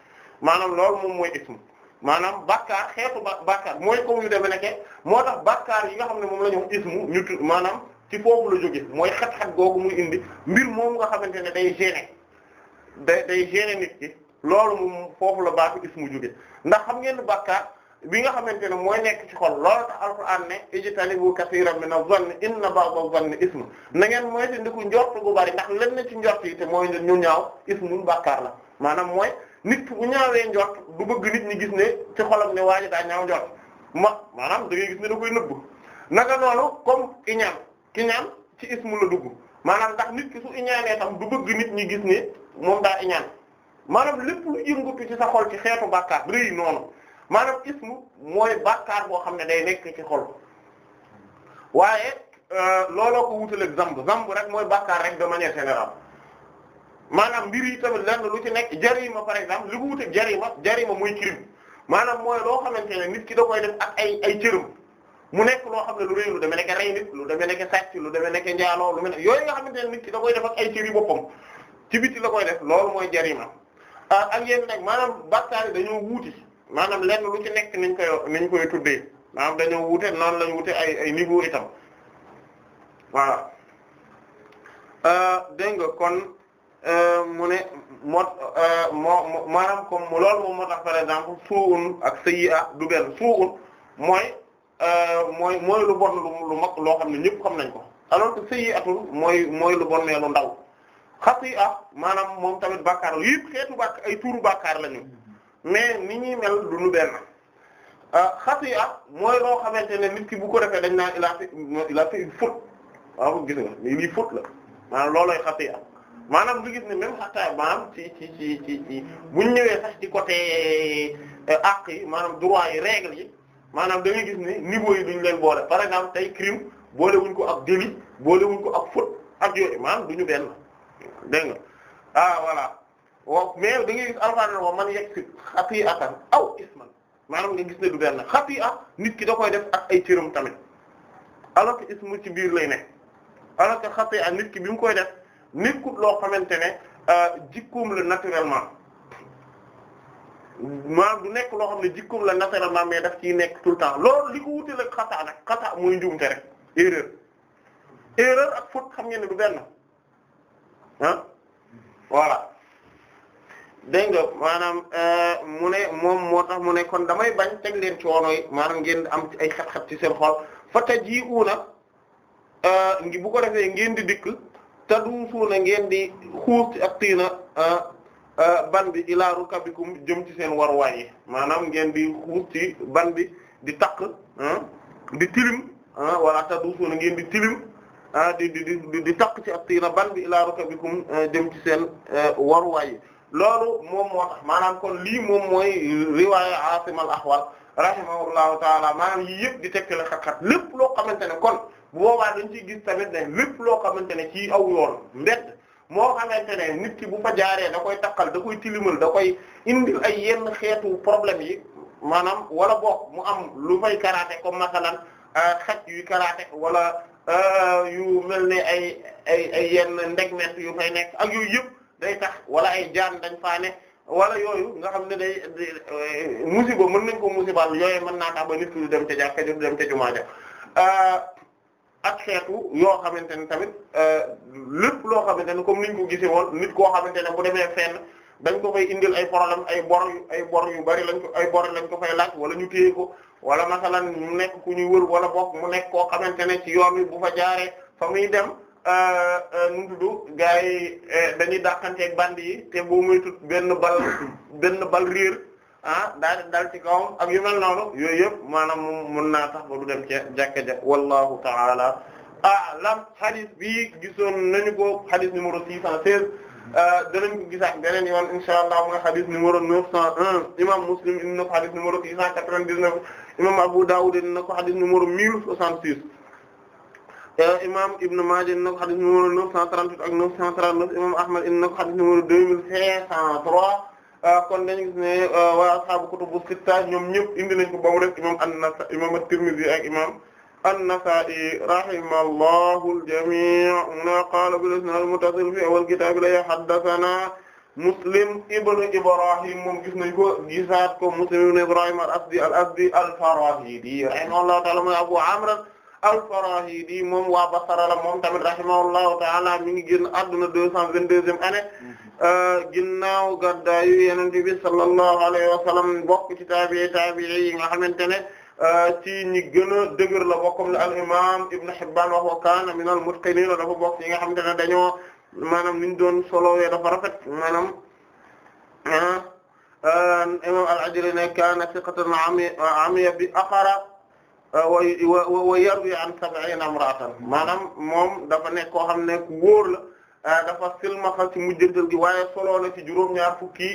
maanaam lool moom mooy ismu maanaam bàkkaar xeetu ba bàkkaar mooy comme yu deme nekke moo tax bàkkaar yi nga xam ne moom la ñu wax ismu maanaam ci foofu la jóge mooy xat-xat googu muy indi mbir moom nga xamante ne day gêner day day gêner nit ki loolu mu foofu la baatu ismu jóge ndax xam ngeen bàkkaar bi nga xamante ne mooy nekk ci xol loolu tax alquran ne ijtanibu kaseeran mina zanni inna ba'da zanni ism na ngeen moyte ndiku njort gu bari ndax lenn ci njort yi te mooy ñu ñaaw ismun bàkkaar la maanaam mooy nit bu ñaawee njort du bëgg nit ñi gis ne ci xolam ne waa ji daa ñaaw njort ma maanaam da ngay gis ne da koy nëbb naka noonu comme iñaan ñaan ci ismu la dugg maanaam ndax nit ki su iñaanee tam du bëgg nit ñi gis ne moom daa iñaan maanaam lépp lu yëngatu ci sa xol ci xeetu bàkkaar rëy noonu maanaam ismu mooy bàkkaar boo xam ne day nekk ci xol waaye euh, looloo ko wutaleeg zamb zamb rek mooy bàkkaar rek de manière générale maanaam mbir yi tamit lenn lu ci nekk jarima par exemple li ko wuteeg jarima jarima mooy crime maanaam mooy loo xamante ne nit ki da koy def ak ay ay cëram mu nekk loo xam ne lu réy lu demee nekk rey nit lu demee nekk sàcc lu demee nekk njaaloo lu mel ne yooyu nga xamante ne nit ki da koy def ak ay cëri boppam ci biti la koy def loolu mooy jarima ah, ak yéen nag maanaam bàkkaar yi dañoo wuuti maanaam lenn lu ci nekk niñ koy niñ koy tuddee maanaam dañoo wuute noonu lañ wuute ay ay niveau itam voilà ah, dégg nga kon ah, mu ne mot moo maanaam comme loolu moom moo tax par exemple suun ak sayyi'a du benn suun mooy Euh, mooy mooy lu bon lu mag loo xam ne ñëpp xam nañ ko alors que sayyi'atun mooy mooy lu bon nee lu ndaw yi xati'a maanaam moom tamit bàkkaar yëpp xeetu ay tuuru bàkkaar lañu mais ni ñuy mel du lu benn euh, xati'a mooy loo xamante ne nit ki bu ko defee dañ naa il a fait il a fait une faute waaw gis nga lii faute la maanaam loolooy xati'a maanaam lu gis ne même xataa maanaam ci ci ci ci ci buñ ñëwee sax ci côté euh, àq yi maanaam droit yi règle yi maanaam da gis ni niveau yi duñ leen boole par exemple tey crime boolewuñ ko ak délit boolewuñ ko ak faute ak yooyu maanaam duñu benn dégg nga ah voilà woo mais da ngay gis alxames wa man yegg si xati atan aw isman maanaam nga gis ne du benn xati ah nit ki da koy def ak ay cëram tamit alors que ismu ci biir lay ne alors que xati ah nit ki bi mu koy def nit nekkul loo xamante ne euh, jikkoom la naturellement. maanaam du nekk loo xam ne jikkoom la naturellement mais daf ciy nekk tout le temps loolu li ko wuteel ak nag xataa muy njuumte rek erreur erreur ak faute xam ngeen ne du benn ah voilà dégg nga maanaam euh, mu ne moom moo tax mu ne kon damay bañ teg leen coono yi maanaam ngeen am ay xat ci seen xol fa ta ji na euh, ngi bu ko defee ngeen di dikk te du suuna ngeen di xuus ak tiina euh, Euh, ban bi ilaa jëm ci seen waruwaay yi maanaam ngeen di xuus ci ban bi di takk di tilim wala tadusuuna ngeen di tilim di di di di takk ci ak tiila ban bi ilaa rukabikum jëm ci seen euh, waruwaay yi loolu moom maanaam kon lii moom mooy riwaaya Aasim al-Ahwal rahimahullahu taala maanaam yii yëpp di tekkale xat-xat lépp loo xamante ne kon bu boobaa dañ ciy gis tamit ne lépp loo xamante ne ci aw yoon mbedd moo xamante ne nit ki bu fa jaaree da koy takkal da koy tilimal da koy indil ay yenn xeetu problème yi maanaam wala bo mu am lu fay karaate comme masalan euh, xaj yuy karaate wala euh, yu mel ne ay ay ay yenn ndegmet yu fay nekk ak yooyu yëpp day tax wala ay jaan dañ faa ne wala yooyu nga xam ne day euh, musiba mën nañ ko musibal yooyu mën naa tax ba nit ki du dem ca jàkka dem ca jumaa ak xeetu yoo xamante ne tamit euh, lépp loo xamante ne comme niñ ko gisee woon nit koo xamante ne bu demee fenn dañ ko fay indil ay problème ay bor yu ay bor yu bari lañ ko ay bor lañ ko fay laaj wala ñu téye ko wala masalan mu nekk ku ñuy wër wala bokk mu nekk koo xamante ne ci yoon wi bu fa jaaree fa muy dem euh, euh, nu mu tudd yi dañuy dàqanteeg band yi te boo moytu benn bal benn bal réer. ah daal di dal ci kawam ak yu mel noonu yooyu yëpp maanaam moom tax ba du dem ca jàkka ja wallahu ta'ala a'lam hadith bi gisoon nañu ko hadith numéro 616 euh, danañ ko gisaat beneen yoon inshallah mooy hadith numéro 901 imam Muslim indi na ko hadith numéro 699 imam Abu Dawud indi na ko hadith numéro 1066 euh, imam Ibn Majah indi na ko hadith numéro 938 ak 939 imam Ahmad indi na ko hadith numéro 2503 Ah, kon dañu gis ne ah, wa ashaabu kutubu sitta ñoom ñëpp indi nañ ko ba mu def imam an-Nasaa'i imam at-Tirmidhi ak imam an-Nasaa'i rahimallahu al-jamii' wa qaala bil-isnaad al-muttasil fi awwal kitaab la haddathanaa Muslim ibn Ibrahim moom gis nañ ko gisaat ko Muslim ibn Ibrahim al-Asdi al-Asdi al-Farahidi rahimahullahu ta'aala mooy Abu Amr al di moom waa Basra la moom tamit rahimahullahu ta'ala mi ngi génn adduna deux cent vingt-deuxième année euh, ginnaaw gaddaayu Yonent bi sallallahu alayhi wa sallam bokk ci taabi'i taabi'i yi nga xamante ne euh, ci ñi gën a dëgër la bokkum la al-Imam Ibn Hibban wax wa kaana min al dafa bokk yi nga xamante ne dañoo maanaam niñ doon solowee dafa rafet maanaam ah, euh, imam al-Ajli ne kaana bi akhara wa wa yarwi an sab'ina imra'atan maanaam moom dafa nekk koo xam ne ku wóor la ah, dafa silmaxa ci mujjantal gi waaye soloo na ci juróom-ñaar fukki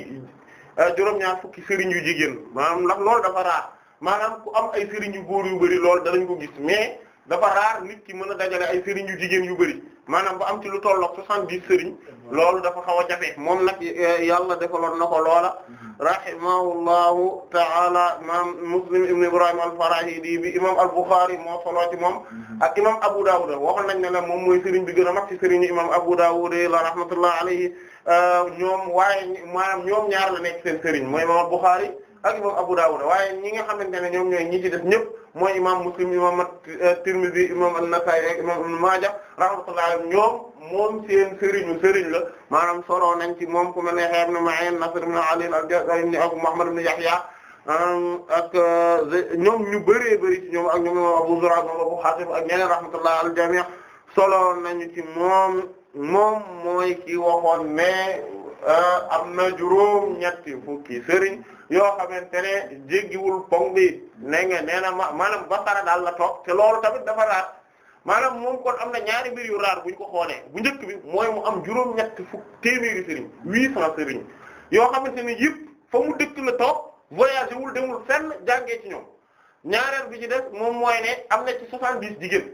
ah, juróom-ñaar fukki sëriñ yu jigéen maanaam ndax loolu dafa raar maanaam ku am ay sëriñ yu góor yu bëri lool danañ ko gis mais dafa raar nit ki mën a dajale ay sëriñ yu jigéen yu bëri maanaam ba am ci lu tollook soixante-dix sëriñ loolu dafa xaw a jafe moom nag eh, yàlla defaloon na ko loola rahimahullahu ta'ala imam Muslim ibn Ibrahim al-Farahidi bi imam al-Bukhari moo solo ci moom ak imam Abu Dawud waxoon nañ ne la moom mooy sëriñ bi gën a mag ci sëriñ imam Abu Dawud la rahmatullah alayhi eh, ñoom waaye maanaam ñoom ñaar la nekk seen sëriñ mooy imam al-Bukhari ak imam Abu Dawud waaye ñi nga xamante ne ñoom ñooy ñi ci def ñëpp mooy imam Muslim imam eh, Tirmidhi imam An-Nasa'i ak imam Ibn Maaja rahmatullahi alayhim ñoom moom seen sëriñu sëriñ la maanaam solo nañ ci moom ku mel ne Yahya ibn Ma'in Nasr ibn Ali al-Jazari ibn Abu Muhammad ibn Yahya ak eh, ñoom ñu bëree bëri ci ñoom ak ñoom imam Abu Zur'a ak Abu Hatim ak ñeneen rahmatullahi al-jami' solo nañu ci moom moom mooy ki waxoon ne Euh, am na juróom ñetti fukki sëriñ yoo xamante ne jéggiwul pong bi ne nga nee na ma maanaam basara daal la toog te loolu tamit dafa raar maanaam moom kon am na ñaari mbir yu raar bu ñu ko xoolee bu njëkk bi mooy mu am juróom ñetti fukk téeméeri sëriñ huit cent sëriñ yoo xamante ne yëpp fa mu dëkk la toog voyagé wul demul fenn jàngee ti ñoom ñaareel bi ci def moom mooy ne am na ci soixante-dix jigéen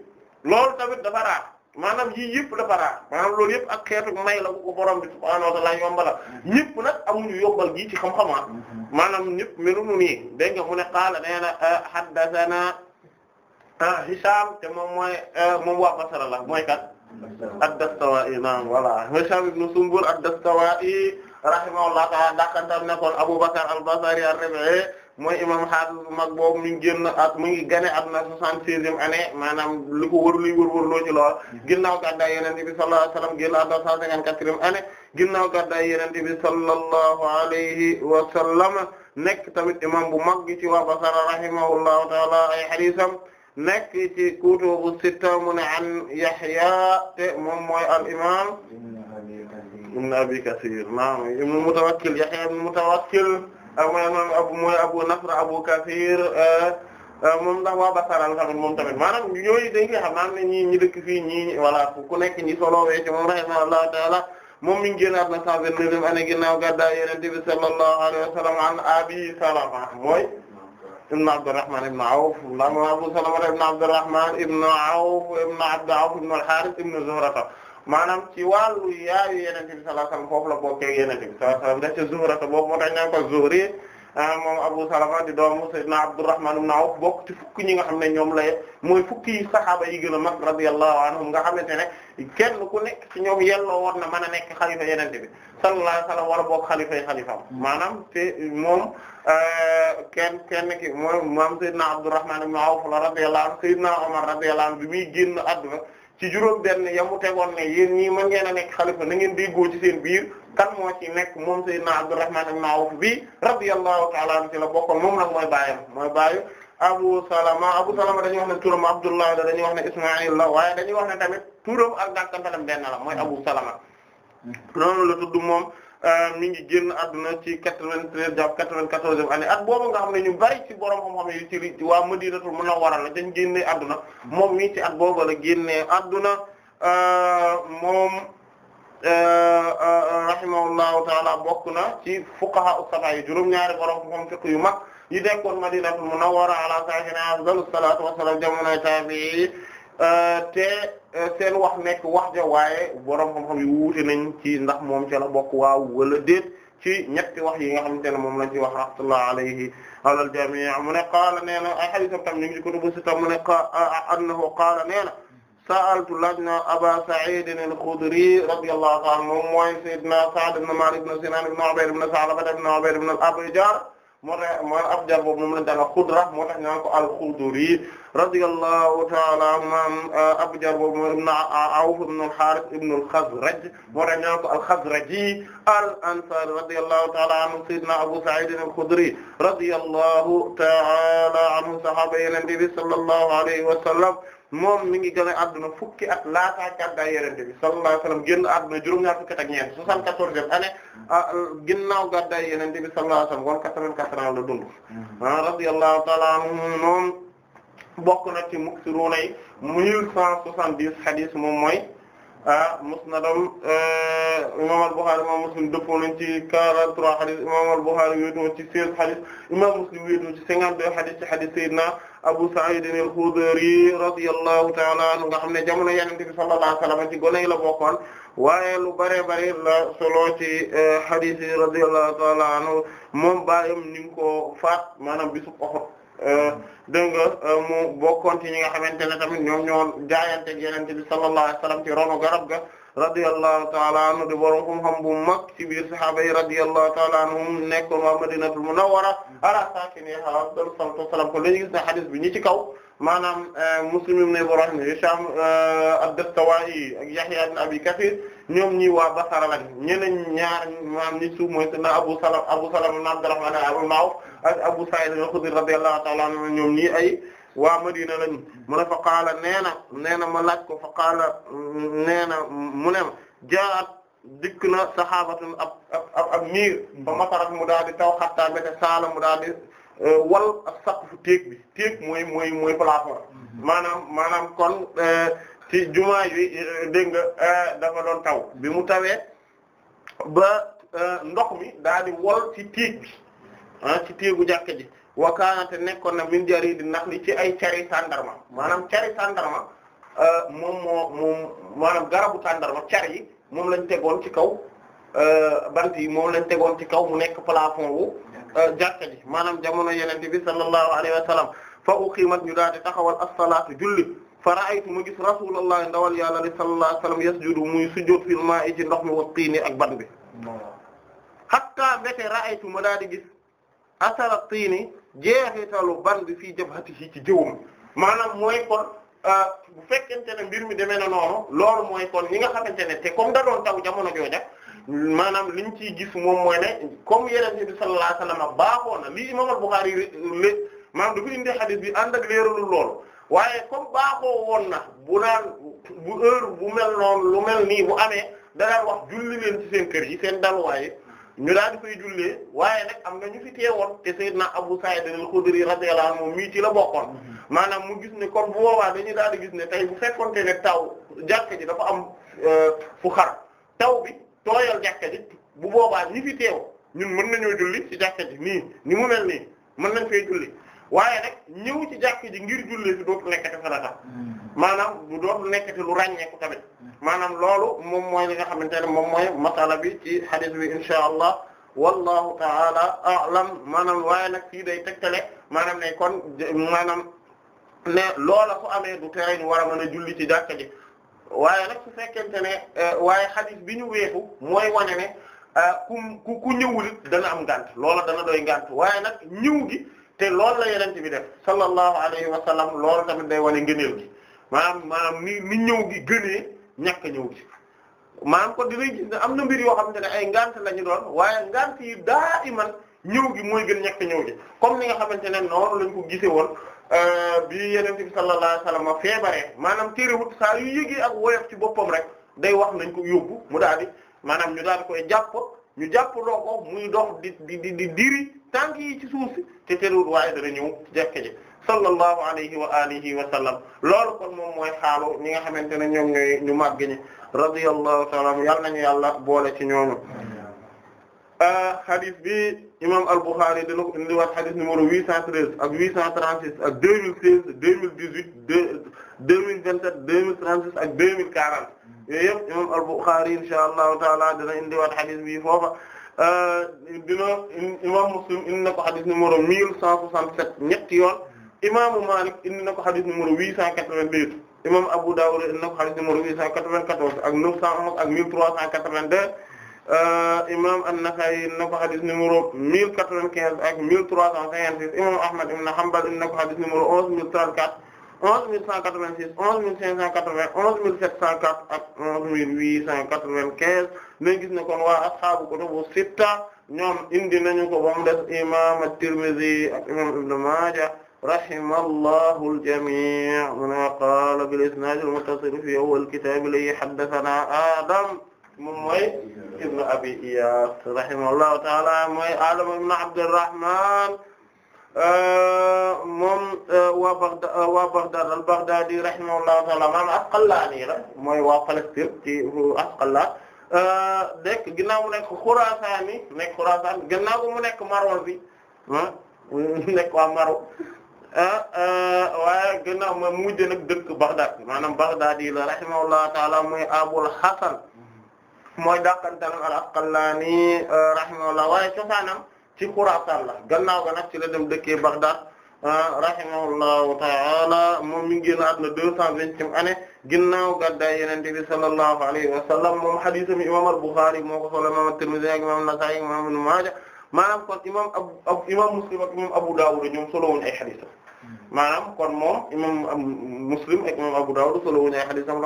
loolu tamit dafa raar maanaam yii yëpp dafa raar maanaam loolu yëpp ak xeetu may la ko borom bi subhaanahu wa ta'aala yombala mm-hmm. ñëpp nag amuñu yombal gi ci xam-xamaa ah. mm-hmm. maanaam ñëpp melunu nii dégg nga mu ne qaala nee na ah, haddasanaa ah, Hicham te moom mooy eh, moom waa la mooy kat ad-Dastawaa'i naam voilà Hicham ibn Sumbur ad-Dastawaa'i rahimahullahu ta'aala dakantam nekkoon Abu Bakr al-Basri ar-Rabi'i mooy imam xaafis mag boobu mi ngi génn mu ngi gane at na soixante-seizième année maanaam li ko wër luy wër wër loo ci lool mm-hmm. ginnaaw gàddaay yonent bi sallallahu alayhi wa sallam génn at na cent cinquante-quatrième année ginnaaw bi sallallahu alayhi nekk tamit imam bu mag gi ci waa Basra rahimahullahu taala ay hadiisam nekk ci kutubu sitta mu ne an Yahya te mooy al imam ibn Abi Kathir naam ibn Mutawakkil Yahya ibn Mutawakkil Ah, maanaam abu mooy abu Nasr abu Kathir ah, ah, moom ndax waa Basra la tamit moom tamit maanaam yooyu dañ koy xam naan ne ñi ñi dëkk fii ñii voilà ku nekk ñi solo wee ci moom rahimahullahu ta'ala moom mi ngi génnaat na cent vingt-neuvième année ginnaaw gàddaay Yonent bi sallallahu alayhi wa sallam an Abi Salama mooy ibn Abdurrahman ibn Awf la Abu Salama ibn Abdurrahman ibn Awf ibn Abd Awf ibn al-Harith ibn Zuhrata maanaam ci wàllu yaayu yenente bi sallallahu alayhi foofu la bokkee yenente bi sallallahu alayhi wasallam da ci Zuhra te boobu moo tax ñaan ko Zuhri ah, moom Abu Salama di doomu Sayyidina Abdurrahman ibn Awf bokk ci fukki ñi nga xam ne ñoom lay mooy fukki saxaaba yi gën a mag radiyallahu anhum nga xamante ne kenn ku nekk ci ñoom yelloo woon na mën a nekk xalifa yenente bi sallallahu alayhi wasallam war a bokk xalifay xalifam hmm. maanaam te moom ah, kenn kenn ki moom moom Sayyidina Abdurrahman ibn Awf la radiyallahu anhu Sayyidina génn àdduna ci juróom benn yamu tegoon ne yéen ñii mën ngeen a nekk xalifa na ngeen déggoo ci seen biir kan moo ci nekk moom Seydina Abdurrahman naa Awf bi radiyallahu ta'ala anhu ci la bokkoon moom nag mooy baayam mooy baayu Abu Salama Abu Salama dañuy wax ne turam Abdullah la dañuy wax ne Ismaïl la waaye dañuy wax ne tamit turam ak dàkkantalam benn la mooy Abu Salama noonu la tudd moom Euh, mi ngi génn àdduna ci quatre-vingt-treize jàpp quatre-vingt-quatorzième année at boobu nga xam ne ñu bari ci borom xam-xam yi ci li waa Madinatul Munawwara la dañ génne àdduna moom mii ci at boobu la génnee àdduna euh, moom euh, rahimahullahu taala bokk na ci fuqaha as-sab'a yi ñaari borom xam-xam fiqh yu mag yi nekkoon Madinatul Munawwara ala saakinihaa afdalu salaatu wa salaam jamono tabi'i te. Euh, seen wax nekk wax ja waaye borom xam-xam yi wuute nañ ci ndax moom ca la bokk waaw wala déet ci ñetti wax yi nga xamante ne moom lañ ci wax rahmatullah alayhi alal jamii mu ne qaala nee na ay hadith tam ñu ngi ci kutubu sitta mu ne annahu qaala nee na sa'altu laaj na aba sa'id al-khudri radiyallahu ta'ala moom mooy sayyidina sa'd ibn malik ibn sinan ibn ubayd ibn sa'laba ibn ubayd ibn al-abjar moo tax mooy abjar boobu moom lañ daan xudra moo tax ñu naan ko al-khudri radiyallahu ta'ala anhum Abu Jarr boobu ibn Awf ibn al-Harith ibn al-Khazraj moo tax ñaan ko al-Khazraji al-Ansari radiyallahu ta'ala anhu sayyidina Abu Sa'id al-Khudri radiyallahu ta'ala anhu sahaba Yonent bi sallallahu alayhi wa sallam moom mi ngi gën a adduna fukki at laataa gàddaay Yonent bi sallallahu alayhi wa sallam génn adduna juróom-ñaar fukki at ak ñeent soixante-quatorzième année ah, ginnaaw gàddaay Yonent bi sallallahu alayhi wa sallam woon quatre-vingt-quatre ans la dund mm-hmm. ah, radiyallahu ta'ala anhu moom bokk na ci muksiruna yi mille cent soixante-dix hadis moom mooy a ah, eh, imam al-Bukhari imam Muslim dëppoo nañ ci quarante-trois hadis imam bukhari wéetu ci seize hadis imam Muslim wéetu ci cinquante-deux hadis ci hadis na Abu Sa'id al-Khudri radiyallahu ta'ala anhu nga xam ne jamono Yonent bi sallallahu alayhi wa ci gone yi la bokkon waaye lu bare bare la solo ci eh, hadis yi radiyallahu ta'ala anhu moom baayam ko faat maanaam bisu Uhud Euh, dégg nga euh, mu bokkoon ci ñi nga xamante ne tamit ñoom ñoo jaayante ak Yonent bi sallallahu alayhi wa sallam garab ga radiyallahu ta'ala anhu di borom xam-xam bu mag ci biir sahaaba yi radiyallahu ta'ala anhum nekkoon waa a Munawwara ala saakinihaa afdalu salaatu wa salaam kon dañu gis ne hadith bi ñi ci kaw maanaam euh, Muslim ibn Ibrahim Hisham ad-Dastawaa'i ak Yahya ibn Abi Kathir ñoom ñi waa Basra lañ ñeneen ñaar maam ñi suuf mooy Abu Salama Abu Salama ibn Abdurrahman Abu Ma'ruf ak Abu Sa'id al-Khudri radiyallahu ta'ala anhu ñoom ñii ay waa Madina lañu mu ne qaala nee na nee na ma laaj ko fa qaala nee na mu ne ma jaat dikk na saxaabatun ab ab miir fa matarat mu daal di taw xattaa bete saala mu daal di euh, wal ak saqfu téeg bi téeg mooy mooy mooy plafond maanaam maanaam kon euh, ci jumaa yi euh, dégg nga dafa doon taw bi mu tawee ba ndox mi daal di wal ci téeg bi ah ci téegu jàkka ji wa kaanate nekkoon na min jarii di nax li ci ay cari tàndarma maanaam cari tàndarma euh, moom moo moom maanaam garabu tàndarma car yi moom lañ tegoon ci kaw euh, bant yi moom lañ tegoon ci kaw mu nekk plafond wu euh, jàkka ji maanaam jamono yenente bi sallallahu alayhi wa sallam fa uqimat ñu daal di taxawal as-salaatu julli fa ra'aytu ma gis rasulullah ndawal yàlla li sallallahu alayhi wa sallam yasjudu muy sujjóot fil maa'i ci ndox mi wa tiini ak ban bi hatta mbete asara tiini jeexitalu ban bi fii jabhatihi ci jëwum maanaam mooy kon euh, bu fekkente ne mbir mi demee na noonu loolu mooy kon ñi nga xamante ne te comme da doon taw jamono jooja maanaam liñ ciy gis moom mooy ne comme yeneen bi sallallahu alayhi wasallam baaxoo na lii imam al-Bukhari lé maanaam dafa indi hadith bi ànd ak leeralul lool waaye comme baaxoo woon na bu naan bu heure bu mel noonu lu mel nii bu amee da daan wax julli leen ci seen kër yi seen dalwaay ñu daal di koy jullee waaye nag am na ñu fi teewoon te seet na Abu Sa'id al-Khudri radiyallahu anhu moom mii ci la bokkoon mhm. maanaam mu gis ne kon bu boobaa dañuy daal di gis ne tey bu fekkonte ne taw jàkka ji dafa am euh, fu xar taw bi tooyal jàkka ji bu boobaa ñu fi teew ñun mën nañoo julli ci jàkka ji nii ni mu mel nii mën nañ fee julli waaye nag ñëw ci jàkk ji ngir julli si dootu nekkati farata maanaam du dootu nekkati lu ràññeeku tamit maanaam loolu moom mooy li nga xamante ne moom mooy masala bi ci hadith bi insha allah wallahu taala a'lam maanaam waaye nag fii day tegtale maanaam ne kon maanaam ne loola su amee du tere ñu war a mën julli ci jàkk ji waaye nag su fekkente ne eh, waaye hadith bi ñu weesu mooy wane ne eh, ku ku ñëwul dana am ngànt loola dana doy ngànt waaye nag ñëw gi te loolu la yeneen bi def sallallahu alayhi wa sallam loolu tamit day wane ngëneel gi maanaam maanaam ni ñëw gi gënee ñàkk ñëw gi maanaam ko dinañ gis am na mbir yoo xam xamante ne ay ngant la ñu doon waaye ngant yi daa iman ñëw gi mooy gën ñàkk ñëw gi comme ni nga xamante ne noonu lañ ko gise woon euh, bi yeneen bi sallallahu alayhi wa sallam feebaree maanaam téerewut saa yu yëgee ak woyof ci boppam rek day wax nañ ko yóbbu mu daal di maanaam ñu daal di koy jàpp ñu jàpp loo ko muy dox di di di di diri tànk yi ci suuf si te terewul waaye dara ñëw jekk ji sallallahu alayhi wa alihi wa sallam loolu kon moom mooy xaalu ñi nga xamante ne ñoom ñooy ñu màgg ñi radiyallahu ta'ala yal nañu yàlla boole ci ñooñu euh, hadith bi imam al-Bukhari dana ko indiwaat hadith numéro 813 ak 836 ak 2016 2018 2 deux mille vingt-sept deux mille trente-six ak deux mille quarante imam al-Bukhari insha allahu taala dina indiwaat xadis bi foofa euh, dina imam Muslim indi na ko xadis numéro mille cent soixante-sept ñetti yoon imaamu Malik indi na ko xadis numéro huit cent quatre-vingt-deux imam Abu Dawud indi na ko xadis numéro huit cent quatre-vingt-quatorze ak neuf cent onze ak mille trois cent quatre-vingt-deux euh, imam An-Nasa'i na ko xadis numéro mille quatre-vingt-quinze ak mille na ko onze mille cent quatre-vingt-six onze mille cinq cent quatre-vingt onze mille sept cent quatre ak onze mille huit cent quatre-vingt-quinze nañ gis ne kon waa ashaabu kutubu sitta ñoom indi nañu ko bam des imam at-Tirmidhi ak imam Ibn Maaja rahimallahu al-jamii' mu ne qaala bil-isnaad al-muttasil fi awwal kitaab li haddathanaa Adam moom mooy ibn Abi Iyaas rahimahullahu ta'aala mooy Adam ibn Abdurrahmaan Euh, moom euh, waa Baghdad euh, waa Baghdad al-Baghdadi rahimahullahu ta'ala maam Asqalani la mooy waa Palestine ci Asqalan nekk ginnaaw mu nekk Khurasani nekk Khurasan ginnaaw mu nekk Marwan bi ah nekk waa Marw waaye ginnaaw ma mujj nag dëkk Baghdad maanaam Baghdadi la rahimahullahu ta'ala mooy Abul Hasan mooy dàqantalam al-Asqalani rahimahullah waaye cosaanam ci Xuraasaan la gannaaw ga nag ci la dem dëkkee Bagdad ah, rahimahullahu ta'ala moom mi ngi génn àdduna deux cent vingtième année ginnaaw gàddaay Yonent bi sallallahu alayhi wa sallam moom hadiisam imaam bukhari moo ko solo imaam at-Tirmidhi ak imaam an-Nasa'i imaam Ibn Maaja maanaam kon imaam ab imaam Muslim ak imaam Abu Dawud ñoom solo wuñu ay hadiisam maanaam kon moom imaam Muslim ak imaam Abu Dawud solo wuñu ay hadiisam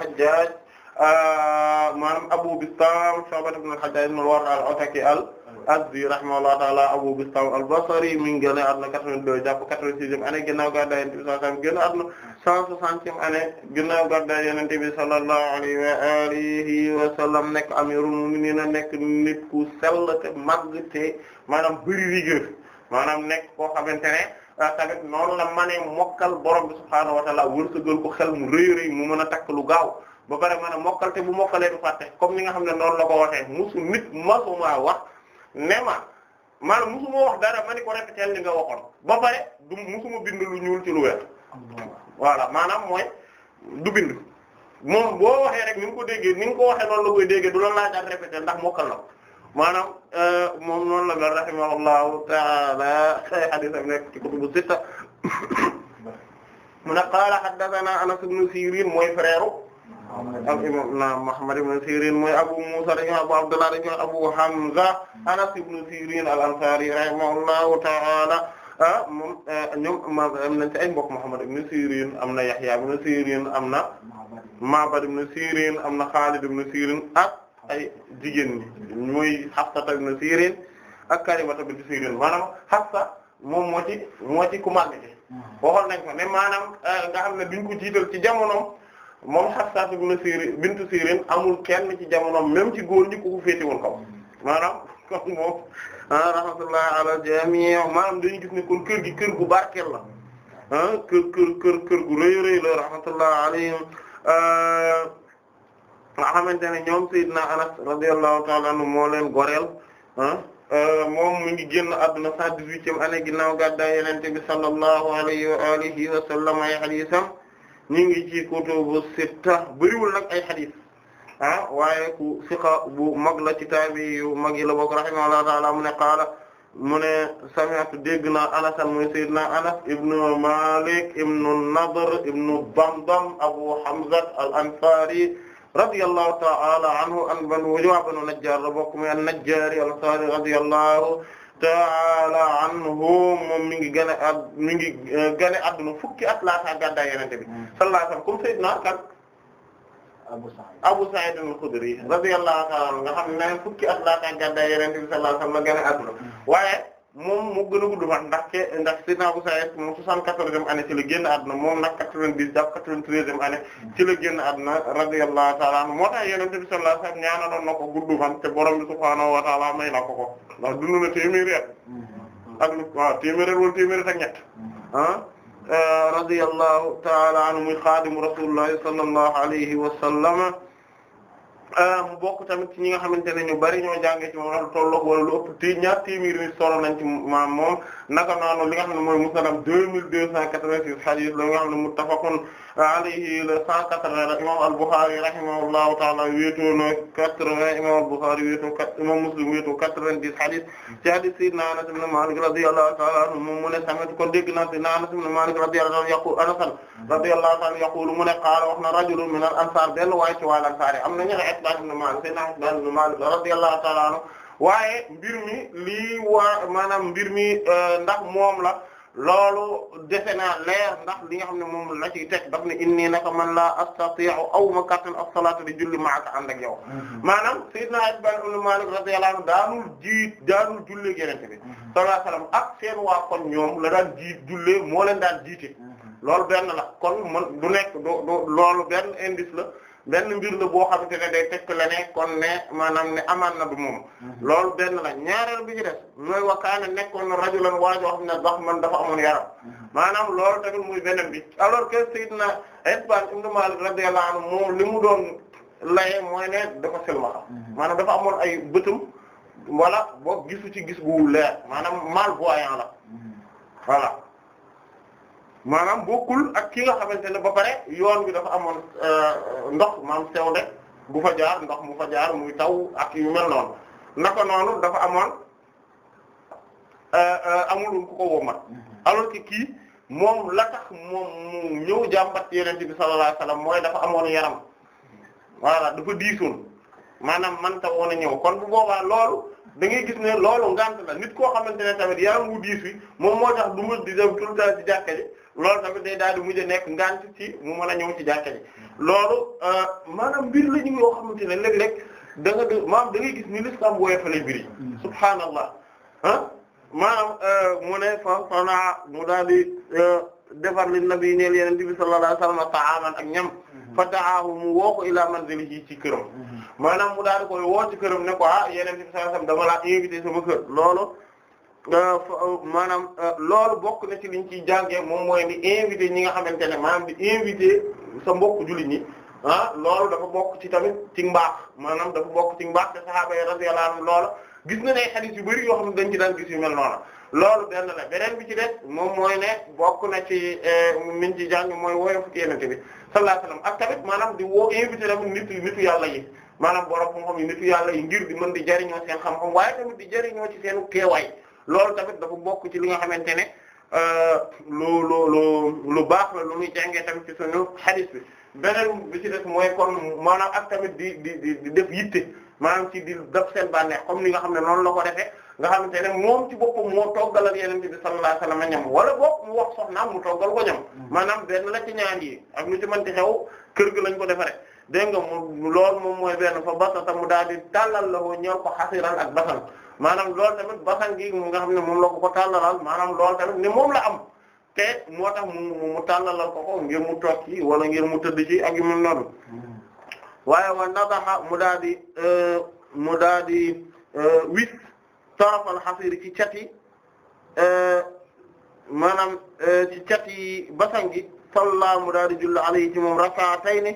hajjaj Euh, maanaam Abu Bistam Shu'ba ibn al-Hajjaj ibn ta'ala Abu Bistam al-Basri mi ngi génn àdduna 82 jàpp 86e année ginnaaw gàddaay Yonent bi sallallahu alayhi wa sallam génn àdduna 160e année ginnaaw gàddaay Yonent nekk amirul mu'minin nekk nit ku sell te màgg te maanaam bëri rigueur maanaam nekk koo xamante ne euh, tamit noonu la mane mokkal borom bi subhaanahu wa ta'ala wërsëgal xel mu rëy rëy mu mën a takk lu gaaw ba pare maanaam mokkal te bu mokalee du fàtte comme ni nga xam ne noonu la ko waxee musu nit masuma wax ne ma maanaam musuma wax dara ma ni ko répéter li nga waxoon ba pare du musuma bind lu ñuul ci lu weex voilà maanaam mooy du bind moom boo waxee rek ni nga ko déggee ni nga ko waxee noonu la koy déggee du la laajaat répéter ndax mokkal la maanaam euh, moom noonu la mel rahimahullahu taala say hadith am nekk ci kutubu sitta mu ne mooy frère al imam na Muhammad ibn Sirin mooy Abu Musa dañu Abu Abdullah dañu Abu Hamza Anas ibn Sirin al-Ansari rahimahullahu ta'ala ah moom eh, ñoom am nañ ci ay mbokk Muhammad ibn Sirin am na Yahya ibn Sirin am na Ma'bad ibn Sirin am na Khalid ibn Sirin ak ay jigéen ñi mooy Hafsa ibn Sirin ak Karima ibn Sirin maanaam Hafsa moom moo ci moo ci ku màgg ci hmm. waxoon nañ ko ne maanaam eh, nga xam ne duñ ko jiital ci jamono moom Hafsa ibn Sirin bintu Sirin amul kenn ci jamono même ci góor ñi ku ko féete woon kaw maanaam moom ah rahmatullah ala jami' maanaam dañu gis ne kër gi kër gu barkeel la ah kër kër kër ah, xamante ne ñoom Seydina Anas radiyallahu ta'ala ah, ah, moom mi ngi génn àdduna cent dix-huitième année ginnaaw gàddaay Yonent bi sallallahu alayhi wa ay hadiisam ñu ngi ci kutubu sitta bariwul nag ay xadis ah waaye ku siqa bu mag la ci taabi yu mag yi la bokk rahimahullahu taala mu ne qaala mu ne sami'tu dégg naa Anas muy sayyidina Anas ibnu Malik ibnu Nadr ibnu Damdam Abu Hamza al-Ansari radiyallahu ta'ala anhu an banu waa banu Najjar la bokk muy an-Najjari al-Ansari radiyallahu taala anhu moom mi ngi gane ad mi ngi euh, gane adduna fukki at laata gàddaay yenente bi hmm. sallallahu alayhi wasallam comme sayyidna kan Abu Sa'id Abu Sa'id al-Khudri radiyallahu ta'ala nga xam ne fukki at laata gàddaay yenente bi sallallahu alayhi wasallam la gane adduna hmm. waaye moom moo gën a gudd fan ndax ke ndax Seydina Abu Sa'id moom soixante-quatorzième année ci la a àdduna moom nag quatre-vingt-dix jàpp quatre-vingt-treizième année ci ta'ala anhu moo tax Yonent bi sallallahu alayhi wasallam ñaanaloon na ko fan te borom bi subhaanahu wa may na ko ko ndax dund na téeméeri at ak lu waaw téeméeri at wala ah, ta'ala anhu muy xaadimu rasulillahi sallallahu alayhi wa Euh, mu bokk tamit ci ñi nga xamante ne ñu bari ñoo jàngee ci moom la tolloog wala lu ëpp ti ñaar téeméer yi solo ci maam moom naka noonu li nga xam ne mooy musnadam deux mille deux cent quatre-vingt-six hadith nga xam ne muttafaqun alayhi le cent quatre-vingts imam al-Bukhari rahimahullahu ta'ala wéetoo na quatre-vingts imam al-Bukhari wéetoo imam Muslim wéetoo quatre-vingt-dix hadis ci hadis sayyidina Anas ibn Malik radiyallahu ta'ala anhu moom mu ne sami'tu kon dégg naa sayyidina Anas ibn Malik radiyallahu ta'ala yaqulu Anas radiyallahu ta'ala yaqulu mu ne qaala wax na rajulun min al-ansar benn waaye ci wàll ansar am na ñu ne Itbaan ibn Malik sayyidina Itbaan ibn Malik radiyallahu ta'ala anhu waaye mbir mi lii waa maanaam mbir mi eh, ndax moom la loolu defe naa leer ndax li nga xam ne moom la ci teg daf ne inni naka man la astati'u aw ma kattan as-salaata di julli maaka ànd ak yow mhm. maanaam sayyidina Anas ibn Maalik radiyallahu anhu daanul jiit daanul julli yenente bi mhm. sallallahu alayhi wasallam ak seen waa kon ñoom la daan jiit jullee moo leen daan jiite mhm. loolu benn la kon man du nekk du du loolu benn indice la benn mbir la boo xamante ne day tekk la ne kon ne maanaam ne amaan na bi moom mhm. loolu benn la ñaareel bi ci def mooy wakaana nekkoon na rajulan waajoo xam ne dax man dafa amoon yaram mhm. maanaam loolu tamit muy beneen bi alors que Seydina na ibn Maalik radiyallahu anhu moom li mu doon laye mooy ne dafa silmaxa mhm. maanaam dafa amoon ay bëtam wala boo gisu ci gis gu leer maanaam boo la voilà maanaam bokkul ak kii nga xamante ne ba pare yoon bi dafa amoon euh, ndox maam sew rek bu fa ndox mu fa jaar muy taw ak yu mel noon naka noonu dafa amoon euh, euh, amulul ku ko womat mm-hmm. alors que kii moom la tax moom mu ñëw jàmbat yeneen bi sallallahu alayhi mooy dafa amoon yaram voilà dafa diisoon maanaam man ta woon a ñëw kon bu boobaa loolu da ngay gis ne loolu ngant la nit koo xamante ne tamit yaram wu diis wi moom moo tax du ma di dem tout le ji loolu tamit day daal di mujj nekk ngant ci mu mën a ñëw ci jàkka ji loolu euh, maanaam mbir la ñu yoo xamante ne léeg-léeg da nga da ngay gis ni l'islam woyofale mbir yi mm. subhaanallah ah maanaam euh, mu ne fa sanaa mu daal di euh, defar li nabi neel yeneen bi sallallahu alayhi wasallam ta'aman ak ñam mm-hmm. fa mu woo ko ila manzilihi ci këram mm-hmm. maanaam mu daal di koy woo ci këram ne ko ah yeneen bi sallallahu alayhi wasallam dama laa invité sama kër loolu Euh, euh, maanaam euh, loolu bokk na ci liñ ciy jàngee moom mooy di invité ñi nga xamante ne maanaam di invité sa mbokk jullit ñi ah loolu dafa bokk ci tamit ci mbaax maanaam dafa bokk ci mbaax te sahaaba yi radiyallahu anhum loola gis na ne hadith yu bari yoo xam ne dañ ci daan gis yu mel noonu loolu benn la beneen bi ci des moom mooy ne bokk na ci ni eh, ci jàng mooy woyofu yenente bi sallallahu alayhi wasallam ak tamit maanaam di woo invité tamit nitu nitu yàlla yi maanaam borom xam-xam yi yàlla yi ngir mën di jariñoo seen xam-xam waaye tamit di jariñoo ci seen keewaay loolu tamit dafa bokk ci li nga xamante ne euh, lu lu lu lu baax la lu muy jàngee tamit ci suñu hadith bi beneen bi ci des mooy kon maanaam ak tamit di di di def yitte maanaam ci di def seen bànneex comme li nga xam ne noonu la ko defee nga xamante ne moom ci boppam moo toggalal yeneen bi sallallahu alayhi wasallam ñam wala bopp mu wax soxnaam mu toggal ko ñam mm. maanaam benn la ci ñaan yi am nu ci mënti xew kër gi lañ ko defaree dégg nga mu loolu moom mooy benn fa basata mu daal di tàllal la ko ñor ko xasiran ak basal maanaam lool tamit basan gi nga xam ne moom la ko ko tàllalal maanaam loolu tamit ne moom la am te moo tax mu mu tàllalal ko ko ngir mu toog ci wala ngir mu tëdd ci ak yu mel waaye wa nadaxa mu daa di euh, di euh, wis tarafal xasir ci cat yi euh, maanaam ci cat yi basan gi salla mu daa di julli alayhi ci moom rakkaatayni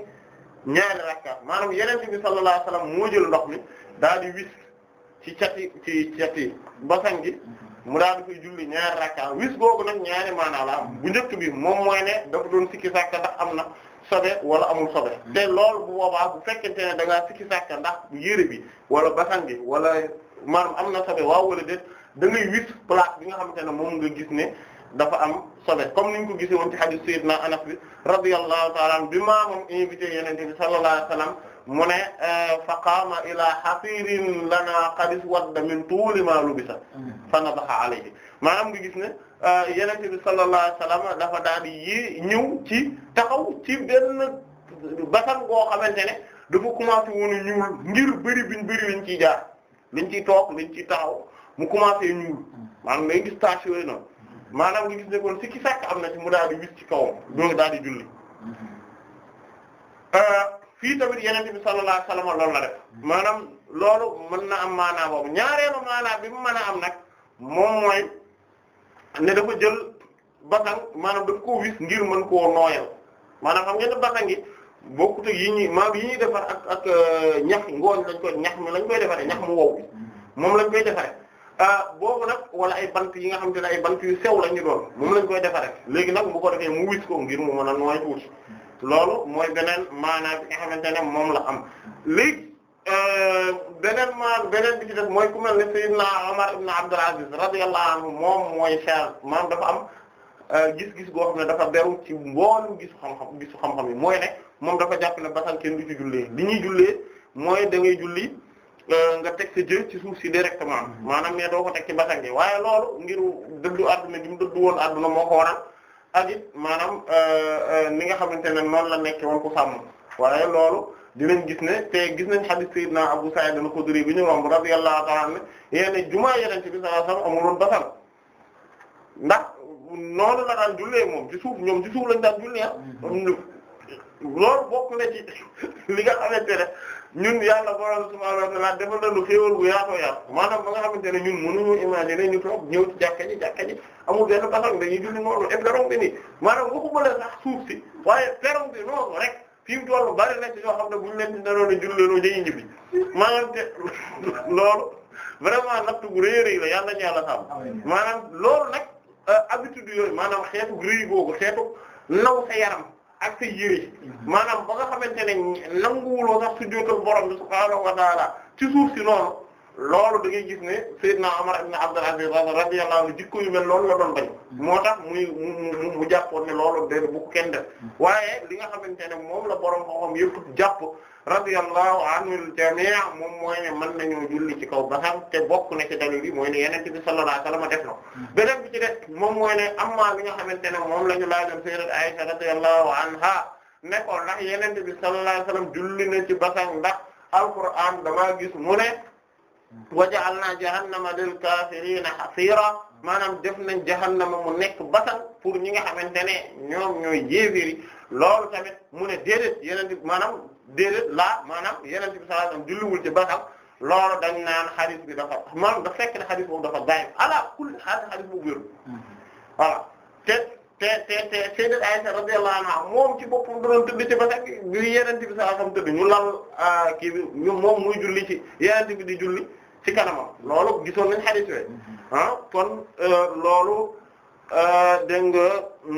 ñaari rakkaat maanaam yeneen bi sallallahu alayhi wasallam moo jël ndox mi daa di ci cati ci cati basan gi mu daal di koy julli ñaari rakka wis googu nag ñaari maanaa la bu njëkk bi moom mooy ne dafa doon sikki sàkka ndax am na sobe wala amul sobe te loolu bu boobaa bu fekkente ne da ngaa sikki sàkka ndax yére bi wala basan gi wala maanaam am na sobe waaw wala de da ngay wis bi nga xamante ne moom nga gis ne dafa am sobe comme niñ ko gisee woon ci hadith sayyidina Anas bi radiyallahu ta'ala anhu bi maamam invité yenente bi sallallahu mu ne eh, fa qaama ila xasirin lana qadis wadda min tuuli ma lubisa mm-hmm. fa nadaxa alayhi maanaam nga gis ne eh, yenente bi sallallahu alayhi wasallam dafa daal di ñëw ci taxaw ci benn basan goo xamante ne dafa commencé woon a ñuul ngir bëri biñ bëri liñ ciy jaar liñ ci toog liñ ciy taxaw mu commencé ñuul mm-hmm. maanaam ngay gis tâche yooyu noonu mm-hmm. maanaam nga gis ne kon si ki sàkk am na ci mu daal di wis ci kawam donc daal di julli eh, fii tamit yeneen bi sallallahu alayhi wasallam loolu la def maanaam loolu mën na am maanaa boobu ñaareelu maanaa bi mu man a am nag moom mooy ne dafa jël basang maanaam dafa koo wis ngir mën koo nooyal maanaam xam ngeen ne basang yi bokkute yi ñuy maam yi ñuy defar ak ak euh, ñax ngooñ lañ koy ñax mi lañ koy defaree ñax mu wow moom lañ koy defar defaree euh, boobu nag wala ay bant yi nga xam te ne ay yu sew la ñu lañ koy defaree léegi nag bu ko defee mu wis ko ngir mu mën a nooy tuuti loolu mooy beneen maanaam bi nga xamante ne moom la am léegi euh, beneen maanaam beneen bi ci def mooy ku mel ne na Umar ibn Abdul Aziz radiyallahu anhu moom mooy cher maanaam dafa am euh, gis-gis goo xam ne dafa beru ci mboolu gisu xam-xam gisu xam-xam yi mooy ne moom dafa jàpp ne basan kenn du ci jullee li ñuy jullee mooy da ngay julli euh, nga teg sa jë ci suuf si directement maanaam ne doo ko teg ci basan gi waaye loolu ngir dëddu àdduna gi mu dëddu woon àdduna moo ko waral ak it maanaam euh, euh, ni nga xamante ne noonu la nekke woon ku sàmm waaye loolu dinañ gis ne te gis nañ hadith sayyidina Abu Sa'id al-Khudri bi ñu romb radiyallahu ta'ala anhu yéen jumaa yeneen ci bi sallallahu alayhi wasallam amuloon basal ndax noonu la daan jullee moom ci suuf ñoom ci suuf lañ daan jullee ah. Mm-hmm. loolu bokk na ci li nga xamante ne. ñun yàlla borom subhaanahu wa ta'aala defal nañu xéewal bu yaatoo yaatu maanaam ba nga xamante ne ñun mënuñu imaginer ñu toog ñëw ci jàkka ji jàkka ji amul benn basang dañuy julli noonu et perron bi nii maanaam waxuma la sax suuf waaye perron bi noonu rek fi mu toll bari na ci ñoo xam ne buñ leen naroon a julleeloo dañuy ñibbi maanaam te loolu vraiment natt bu rëy a rëy la yàlla ñu yàlla sàmm maanaam loolu nag euh, habitude yooyu maanaam xeetu rëy googu xeetu naw sa yaram. ak say yére mhm. maanaam ba nga xamante ne nanguwuloo sax sujjóotal borom bi subhaanahu wa taala ci suuf si noonu loolu da ngay gis ne Seydina Umar ibn Abdul Aziz radiyallahu anhu jikko yu mel loolu la doon bañ mm. moo tax mu mu jàppoon ne loolu de bu ko kenn def mm. waaye li nga xamante ne moom la borom xam-xam yëpp jàpp radiyallahu anil jami' moom mooy ne mën nañoo julli ci kaw ba xam te bokk na ci dalil yi mooy ne Yonent bi sallallahu alayhi wasallam def na mm. beneen bi ci def moom mooy ne amma li nga xamante ne moom la ñu laajoon Sayyidat Aisha radiyallahu anha ne ko ndax Yonent bi sallallahu alayhi wasallam julli na ci basang ndax alquran damaa gis mu ne wa ja'alna jahannama lil kafirina hasira maanaam def nañ jahannama mu nekk basan pour ñi nga xamante ne ñoom ñooy jéeféri loolu tamit mu ne déedéet yeneen bi la déedéet laa maanaam yeneen bi sallallahu alayhi wasallam julliwul ci basan loolu dañ naan hadith bi dafa maanaam da fekk ne hadith boobu dafa daif ala kulli haal hadith boobu wérul voilà te te te te sayyidat Aisha radiyallahu anha moom ci bi yeneen ah, bi ñu lal kii bi moom muy julli ci yeneen bi di julli ci kanamam loolu gisoon nañ xadis we mm-hmm. ah kon euh, loolu euh, dégg nga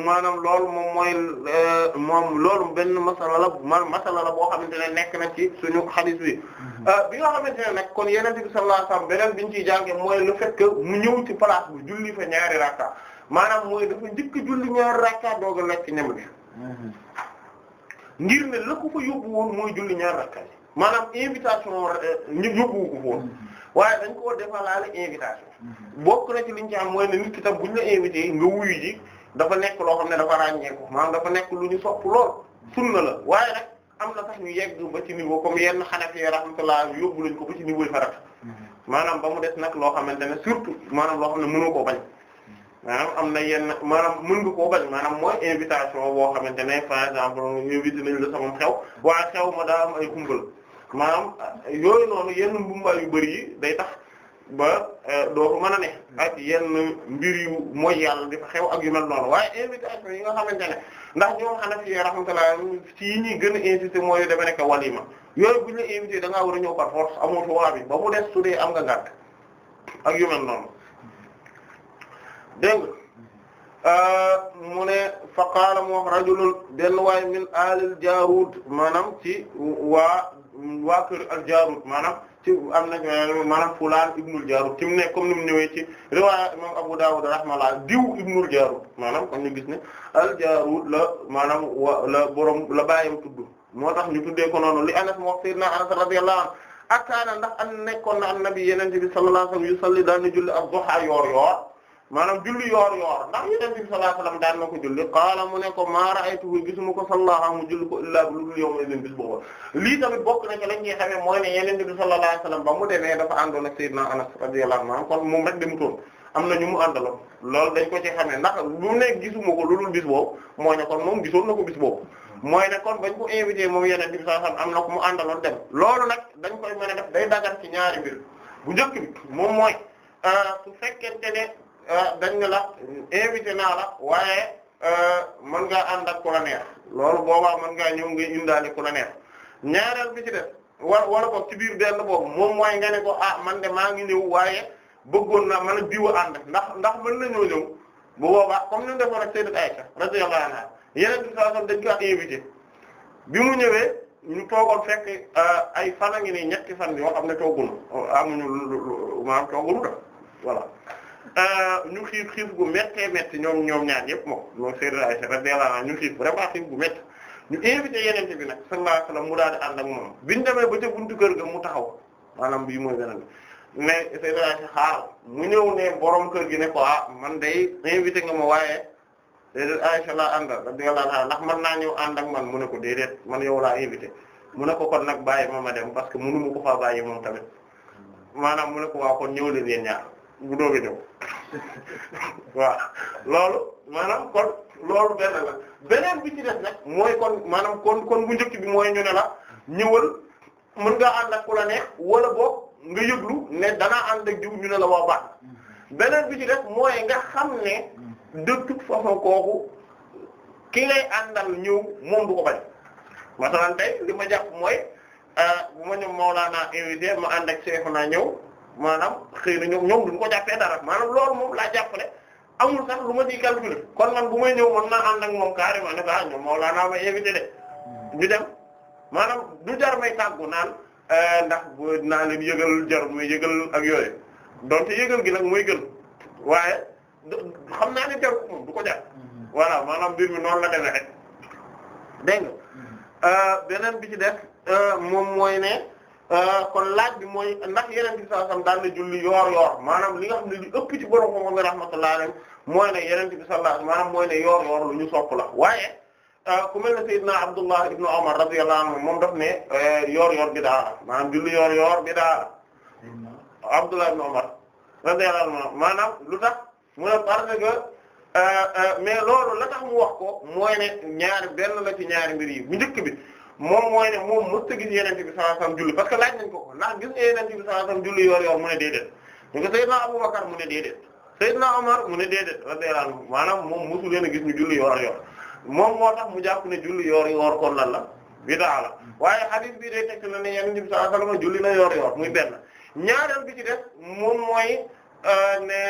maanaam loolu moom mooy euh, moom loolu benn masala la ma masala la boo xamante ne nekk na ci suñu xadis bi mm-hmm. bi nga xamante ne nag kon yenente bi sallallahu alayhi wasallam beneen biñ ciy jànge mooy le fait mu ñëw ci place bu julli fa ñaari rakka maanaam mooy dafa njëkk julli ñaari rakka dooga lekk ñam bi mm-hmm. ngir ne la fa yóbbu woon mooy julli ñaari rakka yi maanaam invitation ñu woon waaye dañ koo defalaale invitation mhm. bokk na ci liñ ci am mooy na nit ki tam buñ la invité nga wuyu ji dafa nekk loo xam ne dafa ràññeeku maanaam dafa nekk lu ñu sopp lool sunna la waaye nag am na sax ñu yegg ba ci niveau comme yenn Hanafi rahmatullah yóbbu lañ ko ba ci niveau yi farata mhm. maanaam ba mu des nag loo xamante ne surtout maanaam loo xam ne mënoo koo bañ mhm. maanaam am na yenn maanaam mën nga koo bañ maanaam mooy invitation boo xamante ne par exemple invité nañ la sama xew waaye xew ma daa am ay kumbal maanaam yooyu noonu yenn mbumbaay yu bëri yi day tax ba eh, doo ko mën a ne ak yenn mbir yu mooy yàlla di xew ak yu mel noonu waaye invitation yi nga xamante ne ndax ci ñuy gën a mooy dama nekk walima yooyu bu ñëw par force amoo choix bi ba mu des euh, mu ne fa qaala mu wax rajulun benn waay min alil jaarud maanaam ci waa waa kër al-Jaarut maanaam ci am na maanaam fulaan ibnul Jaarut ci mu ne comme ni mu ñëwee ci riwaaya imam Abu Dawud rahimahullah diw ibnul Jaarut maanaam kon nu gis ne al la maanaam wa la borom la bàyyam tudd moo tax nu tuddee ko noonu li Anas mu wax sayyidina Anas radiyallahu anhu akaana ndax an nekkoon na an nabi yeneen bi sallallahu alayhi wasallam yusalli daan na julli ak duha yoor yoor maanaam julli yoor yoor ndax Yonent bi sallallahu alayhi wa daan na ko julli qaala mu ne ko maa ra'aytuhu gisuma ko sallaaha mu julli ko illaa bi lu yawma idin bis boobu lii tamit bokk na ci lañ ñuy mooy ne Yonent bi ba mu demee dafa àndoon ak Seydina Anas radiyallahu na ñu mu àndaloon loolu dañ ko ci xamee ndax lu ne gisuma ko lu dul bis boobu mooy ne kon moom gisoon na ko bis boobu mooy ne kon bañ ko moom Yonent bi sallallahu alayhi na ko mu àndaloon dem loolu nag dañ koy mën a def day dagar ci ñaari mbir bu njëkk bi moom mooy ah, su fekkente ne Ah, dañ ne la invité naa la waaye euh, mën ngaa ànd ak ku loolu boobaa mën ngaa ñëw nga indaale ku la ñaareel bi ci def wa wala ko ci biir benn boobu moom mooy nga ne ko ah man de maa ngi ñëw waaye bëggoon naa man a diw ànd ndax ndax mën nañoo ñëw bu boobaa comme ni mu ay ak Sayyidat Aisha radiyallahu anha yeneen bi saa dañ ko a invité bi mu ñëwee ñu toogoon fekk euh, ay fan a ngi nii ñetti fan yoo xam ne tooguñu amuñu lu lu maanaam tooguñu def voilà. Euh, ñu xiif xiif gu méttee métti ñoom ñoom ñaar yëpp moom moom Sayyida Aisha radiyallahu anha ñu xiif vraiment xiif gu métti ñu invité yenente bi nag sallallahu mu daal di ànd moom biñu demee ba ca buntu kër ga mu taxaw maanaam bii mooy beneen bi mais Sayyida xaar mu ñëw ne borom kër gi ne ko ah man day invité nga ma waaye Sayyida Aisha laa àndal radiyallahu anha ndax man naa ñëw ànd ak man mu ne ko déedéet man yow laa invité mu ne ko kon nag bàyyi ma ma dem parce que mënu ma ko faa bàyyi moom tamit maanaam mu ne ko waa kon ñëw leen yeen ñaar bu doog ñëw waaw loolu maanaam kon loolu benn la beneen bi ci def mooy kon maanaam kon kon bu njëkk bi mooy ñu ne la ñëwal mën nga ànd ak ku la neex wala boog nga yëglu ne danaa ànd ak jiw ñu ne la waa baax beneen bi ci mooy nga xam ne de toute façon kooku ki ngay àndal ñëw moom du ko bañ masalan tey li ma jàpp mooy euh, bu ma ñëw Mawlaana invité ma ànd ak Cheikh naa ñëw maanaam xëy na ñoom du ko jàppee dara maanaam loolu moom laa jàpp ne amul sax lu ma ciy calculer kon man bu may ñëw mën naa ànd ak moom carrément ne ko ah ñoom Mawlana ma invité de ñu dem maanaam du jar may tàggu naan euh, ndax naa leen yëgal jar muy yëgal ak yooyu donte yëgal gi nag mooy gën waaye xam naa ne jar moom du ko jar mm-hmm. voilà maanaam mbir mi noonu la demee rek dégg nga mm-hmm. euh, beneen bi ci def euh, moom mooy ne. Euh, kon laaj bi mooy ndax yeneen bi sallallahu alayhi wasallam daan na julli yoor-yoor maanaam li nga xam ëpp ci borom xam-xam yi rahmatullahi alayhi mooy ne yeneen bi sallallahu maanaam mooy ne yoor-yoor lu ñu sopp la waaye euh, ku mel ne Seydina Abdullah ibn Umar radiyallahu anhu moom daf ne euh, yoor-yoor bi daa maanaam julli yoor-yoor bi daa Abdullah ibn Umar radiyallahu anhu maanaam lu tax mu ne parce que. mais loolu la tax mu wax ko mooy ne ñaari benn la ci ñaari mbir yi bu njëkk bi moom mooy ne moom mësta gis yeneen bi sallallahu alayhi wasallam julli parce que laaj nañ ko ko gis nga yeneen bi julli yor yor mu ne déedéet ñu ko Seydina Abubakar mu ne déedéet Seydina Omar mu ne déedéet radiyallahu anhu maanaam moom mësu leen a gis ñu julli yor yor moom moo tax mu jàpp ne julli yor yor kon lan la bidaa la waaye hadith bi day tekk na ne yeneen bi sallallahu alayhi wasallam julli na yor yor muy benn ñaareel bi ci def moom mooy euh, ne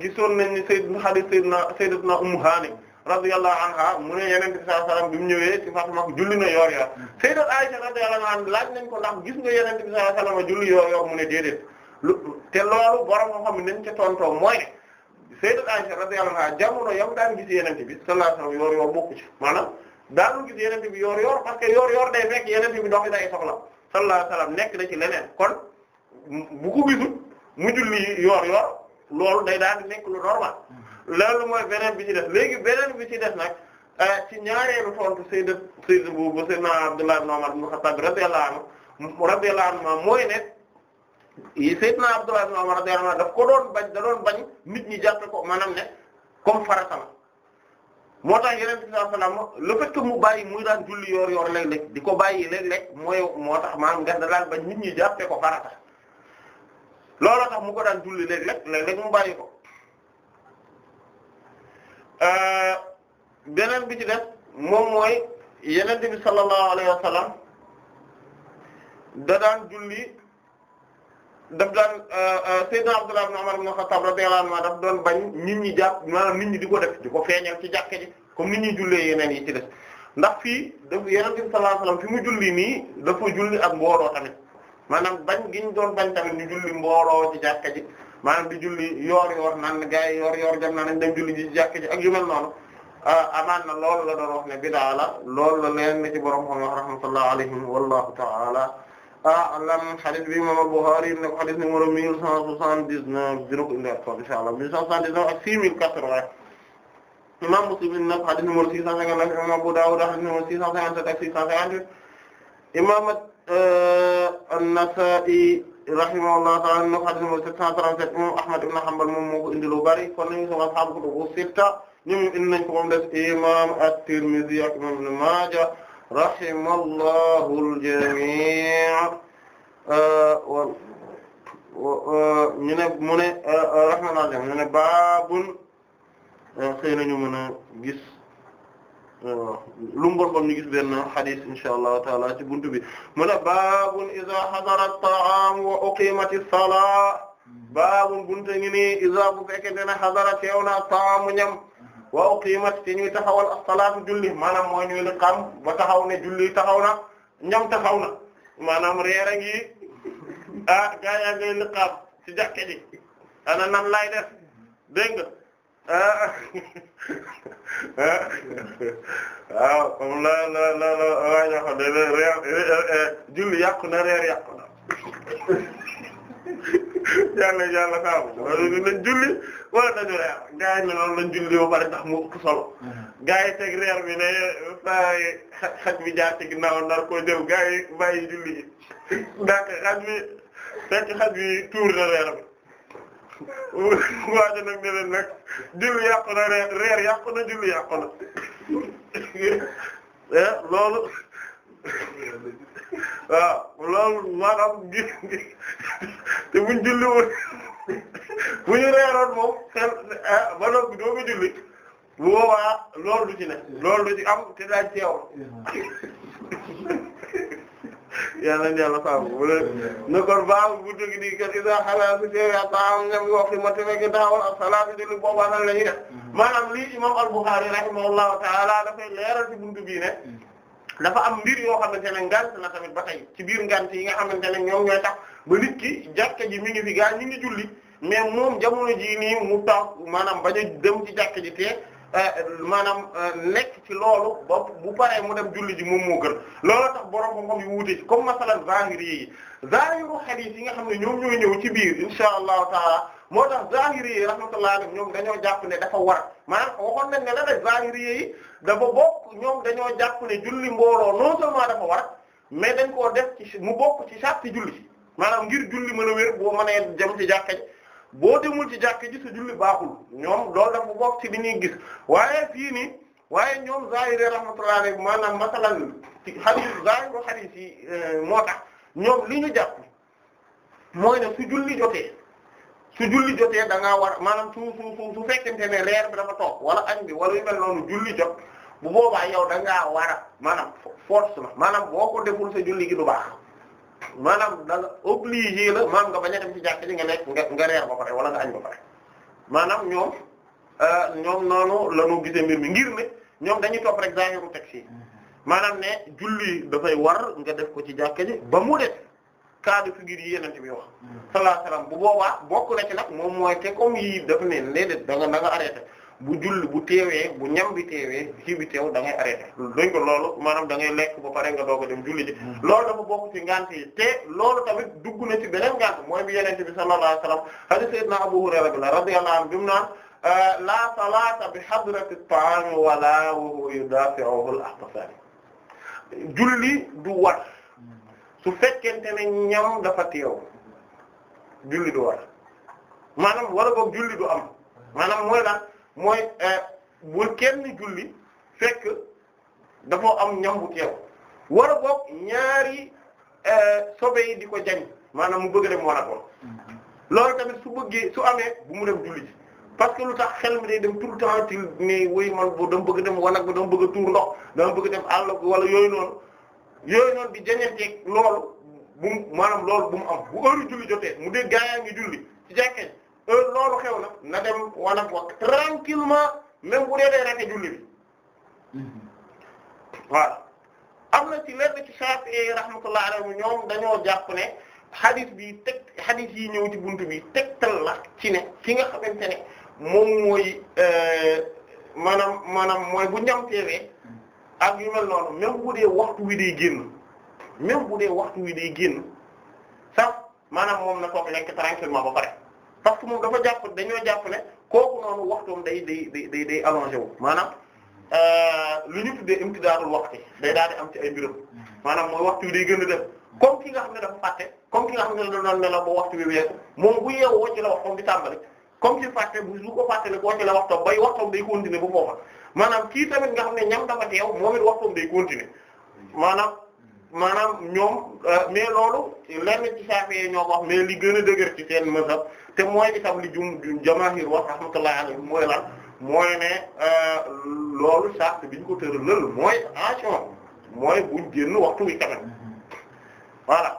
gisoon nañ ne Seydina hadith Seydina Sayyidatuna Ummu Hani radiyallahu anha mu ne yeneen bi sallallahu alayhi wasallam bi mu ñëwee ci ko julli na yoor yoor hmm. sayyidat Aisha radiyallahu anha laaj nañ ko ndax gis nga yeneen bi sallallahu a wasallam julli yoor yoor mu ne déedéet lu te loolu borom moo xam ne nañ ca tontoo mooy ne sayyidat Aisha radiyallahu anha jamono yam daan gis yeneen bi sallallahu alayhi wasallam yoor yoor bokku ci maanaam daanul gis yeneen bi yoor yoor parce que yoor yoor day fekk yeneen bi doxi day soxla sallallahu nekk na ci leneen kon bu ko gisul mu julli yoor yo loolu day daal di lu normal hmm. loolu mooy beneen bi ci def léegi beneen bi ci def nag euh, ci ñaareelu tontu sayyidat sayyidat boobu sayyidna Abdullah ibn Umar ibn Khattab radiyallahu anhu radiyallahu anhu mooy ne sayyidna Abdullah ibn Umar radiyallahu anhu daf ko doon bañ da doon bañ nit ñi jàppe ko maanaam ne comme farata la moo tax yeneen bi sallallahu alayhi wasallam le fait que mu bàyyi muy daan julli yoor yoor léeg-léeg di ko bàyyi léeg-léeg mooy moo tax maanaam nga da daan bañ nit ñi jàppe ko farata looloo tax mu ko daan julli léeg-léeg léeg-léeg mu bàyyi ko Euh, beneen bi ci def moom mooy yeneen bi sallallahu alayhi wa sallam da daan julli daf daan euh, euh, Seydina Abdullah ibn Umar ibn Khattab radiyallahu anhu daf doon bañ nit ñi jàpp maanaam nit ñi di ko def di ko feeñal ci jàkke ji comme nit ñi jullee yeneen yi ci def ndax fii daf yeneen bi sallallahu alayhi wa sallam fi mu julli nii dafa julli ak mbooloo tamit maanaam bañ gi ñu doon bañ tamit ñu julli mbooloo ci jàkke ji maanaam di julli yoor yoor naan gars yi yoor yoor jam naa nañ dem julli ji jàkk ji ak yu mel noonu ah, amaan na loolu la doon wax ne bidaa la loolu la leen na ci borom xam wax rahmatullahi alayhim wallahu ta'ala a'lam hadith bi imam al-Bukhari ne ko hadith numéro mille cent soixante-dix-neuf dina ko indi ak tool inshallah mille cent soixante-dix-neuf ak six mille quatre-vingts imam Muslim indi na ko hadith numéro six cent cinquante-neuf imam Abu Dawud hadith numéro six cent cinquante-sept ak six cent cinquante-huit imam euh, an-Nasa'i rahimahullahu ta'ala no hadith numéro 737 imam Ahmad ibn Hanbal moom moo ko indi lu bari kon nañu sama ashaabu kutubu sitta ñoom indi nañ ko moom des imam at-Tirmidhi ak imam Ibn Maaja rahimallahu al-jamii' ñu ne mu ne rahimahullahu ñu ne baabun xëy nañu mën a gis lu ngorkom ñu gis benn hadith insha allahu taala ci buntu bi mu ne baabun iza hadara at-ta'am wa uqimat a salat baabun buntu ngi iza bu fekkee dana hadara teew na at-ta'am ñam wa uqimat te ñuy taxawal as-salatu julli maanaam moo ñuy li xam ba taxaw ne julli taxaw ñam taxaw na maanaam reer a ngi ah gaa yaa ngay liqaam ci ana nan lay def dégg waaw ah. comme ah. ah, la la eh, eh, julli yàqu na reer yàqu na yàlla yàlla kaabu julli wala dañu julli ba tax mu ëpp solo mm-hmm. teg reer bi ne saa yi xaj bi jaar ci ginnaaw nar koo jël gars yi julli gi xaj bi fekk na reer bi waa ji nag ne leen nag na reer reer na julli yàqu na eh, loolu waaw loolu maanaam gis te buñ julli woon bu ñu reeroon moom xel eh, ba noppi doo ko julli bu boobaa loolu du ci ne loolu ci am te daañ teew yal nañu yàlla a bu leen ne kon baaxul bu dégg nii kat isa xalaat si teew yaa baaxul nga fi wax fi ma tefee nga daawal a salaatu di lu boobaa nan la ñuy def mm-hmm. maanaam lii imam al-Bukhari rahimahullahu ta'ala dafay leeral ci buntu bii ne mm-hmm. dafa am mbir yoo xamante ne ngant la tamit ba tey ci biir ngant yi nga xamante ne ñoom ñooy tax ba nit ki ji mi ngi fi gaa ñu ngi julli mais moom jamono jii mu tax maanaam bañ a dem ci jàkka ji te Eh, maanaam eh, nekk ci loolu ba bu paree mu dem julli ji moom moo gën loolu tax borom xam-xam yu wuute ci comme masalan zahiri yi zahiru hadith yi nga xam ne ñoom ñooy ñëw ci biir insha allahu taala moo tax zahiri yi rahmatullahi alayhim ñoom dañoo jàpp ne dafa war maanaam waxoon nañ ne la rek zahiri yi dafa bokk ñoom dañoo jàpp ne julli mbooloo non seulement dafa war mais dañ koo def ci mu bokk ci sàrti julli maanaam ngir julli mën a wér boo man dem ci jàkkañ boo demul ci jàkk ji sa julli baaxul ñoom loolu dafa bokk ci li ñuy gis waaye fii nii waaye ñoom zahiri rahmatullahi alayhi maanaam masalan ci hadith zahiru hadith yi euh, moo tax ñoom li ñu jàpp mooy na su julli jotee su julli jotee da ngaa war maanaam su su su ne leer bi dafa toog wala añ bi wala yu mel noonu julli jot bu boobaa yow da ngaa war a maanaam force la maanaam boo ko deful sa julli du baax maanaam da nga obligé la maam nga bañ a dem ci jàkk ji nga nekk nga nga reer ba pare wala nga añ ba pare maanaam ñoom euh, ñoom noonu la ñu gisee mbir mi ngir ne ñoom dañuy topp rek zaahiru texte yi maanaam ne julli dafay war nga def ko ci jàkk ji ba mu def cas de figure yi yeneen bi wax mm. sallallahu alayhi bu boobaa bokk na ci nag moom mooy te comme yii dafa ne léeg-léeg da nga da bu jull bu teewee bu ñam bi teewee kii bi teew da ngay arrêté dañ ko loolu maanaam da ngay lekk ba pare nga doog a dem julli ji hmm. loolu dafa bokk ci ngant yi te loolu tamit dugg na ci beneen ngant mooy bi yenente bi sallallahu alayhi wasallam hadith sayyidina Abu Hurayra bi la radiyallahu mu naan euh, la salata bi hadrati at-ta'am wala wa huwa yudafi'uhu al-ahtasabi julli du war su fekkente ne ñam dafa teew julli du war maanaam war a boog julli du am maanaam mooy lan mooy bu eh, kenn julli fekk dafa am ñam bu teew war a bokk ñaari eh, sobe yi di ko jañ maanaam mu bëgg dem war a ko loolu tamit su bëggee su amee bu mu dem julli ji parce que lu tax xel mi day dem tout le temps ci ne woy man bu dama bëgg dem wanag bi dama bëgg a tuur ndox dama bëgg dem àll wala yooyu noonu yooyu noonu di jañanteeg loolu bu mu maanaam loolu bu mu am bu heure julli jotee mu dee gaa yaa ngi julli ci jàkkee loolu xew na na dem wanag wax tranquillement même bu dee day rate julli bi mm-hmm. waaw am na ci lenn ci Shafi'i rahmatullah alayhi ñoom dañoo jàpp ne hadith bi teg hadith yi ñëw ci bunt bi tegtal la ci ne fi nga xamante ne moom mooy euh, maanaam maanaam mooy bu ñam teewee mm-hmm. ak yu mel noonu même bu dee waxtu wi day génn même bu dee waxtu wi day génn sax maanaam moom na toog lekk tranquillement ba pare parce que moom dafa jàpp dañoo jàpp ne kooku moom waxtoom day day day day day wu maanaam euh, lu ñu tuddee imtidaarul waxti day daal di am ci ay mbiram maanaam mooy waxtu wi day gën a dem comme ki nga xam ne dafa fàtte comme ki nga xam ne da doon nelaw ba waxtu bi weesu moom bu yeewoo ci di tàmbali comme ci fàtte bu su ko fàtte ne koo ci la waxtoom bay waxtoom day continuer bu foofa maanaam kii tamit nga xam ne ñam dafa teew moom it waxtoom day continuer maanaam maanaam ñoom euh, mais loolu lenn ci saafee ñoo wax mais li gën a dëgër ci seen mësab te mooy itam li jum jamaahir wax rahmatullahi alayhi mooy lan mooy ne euh, loolu sart bi ñu ko tëralal mooy attention mooy buñ génn waxtu wi tamit voilà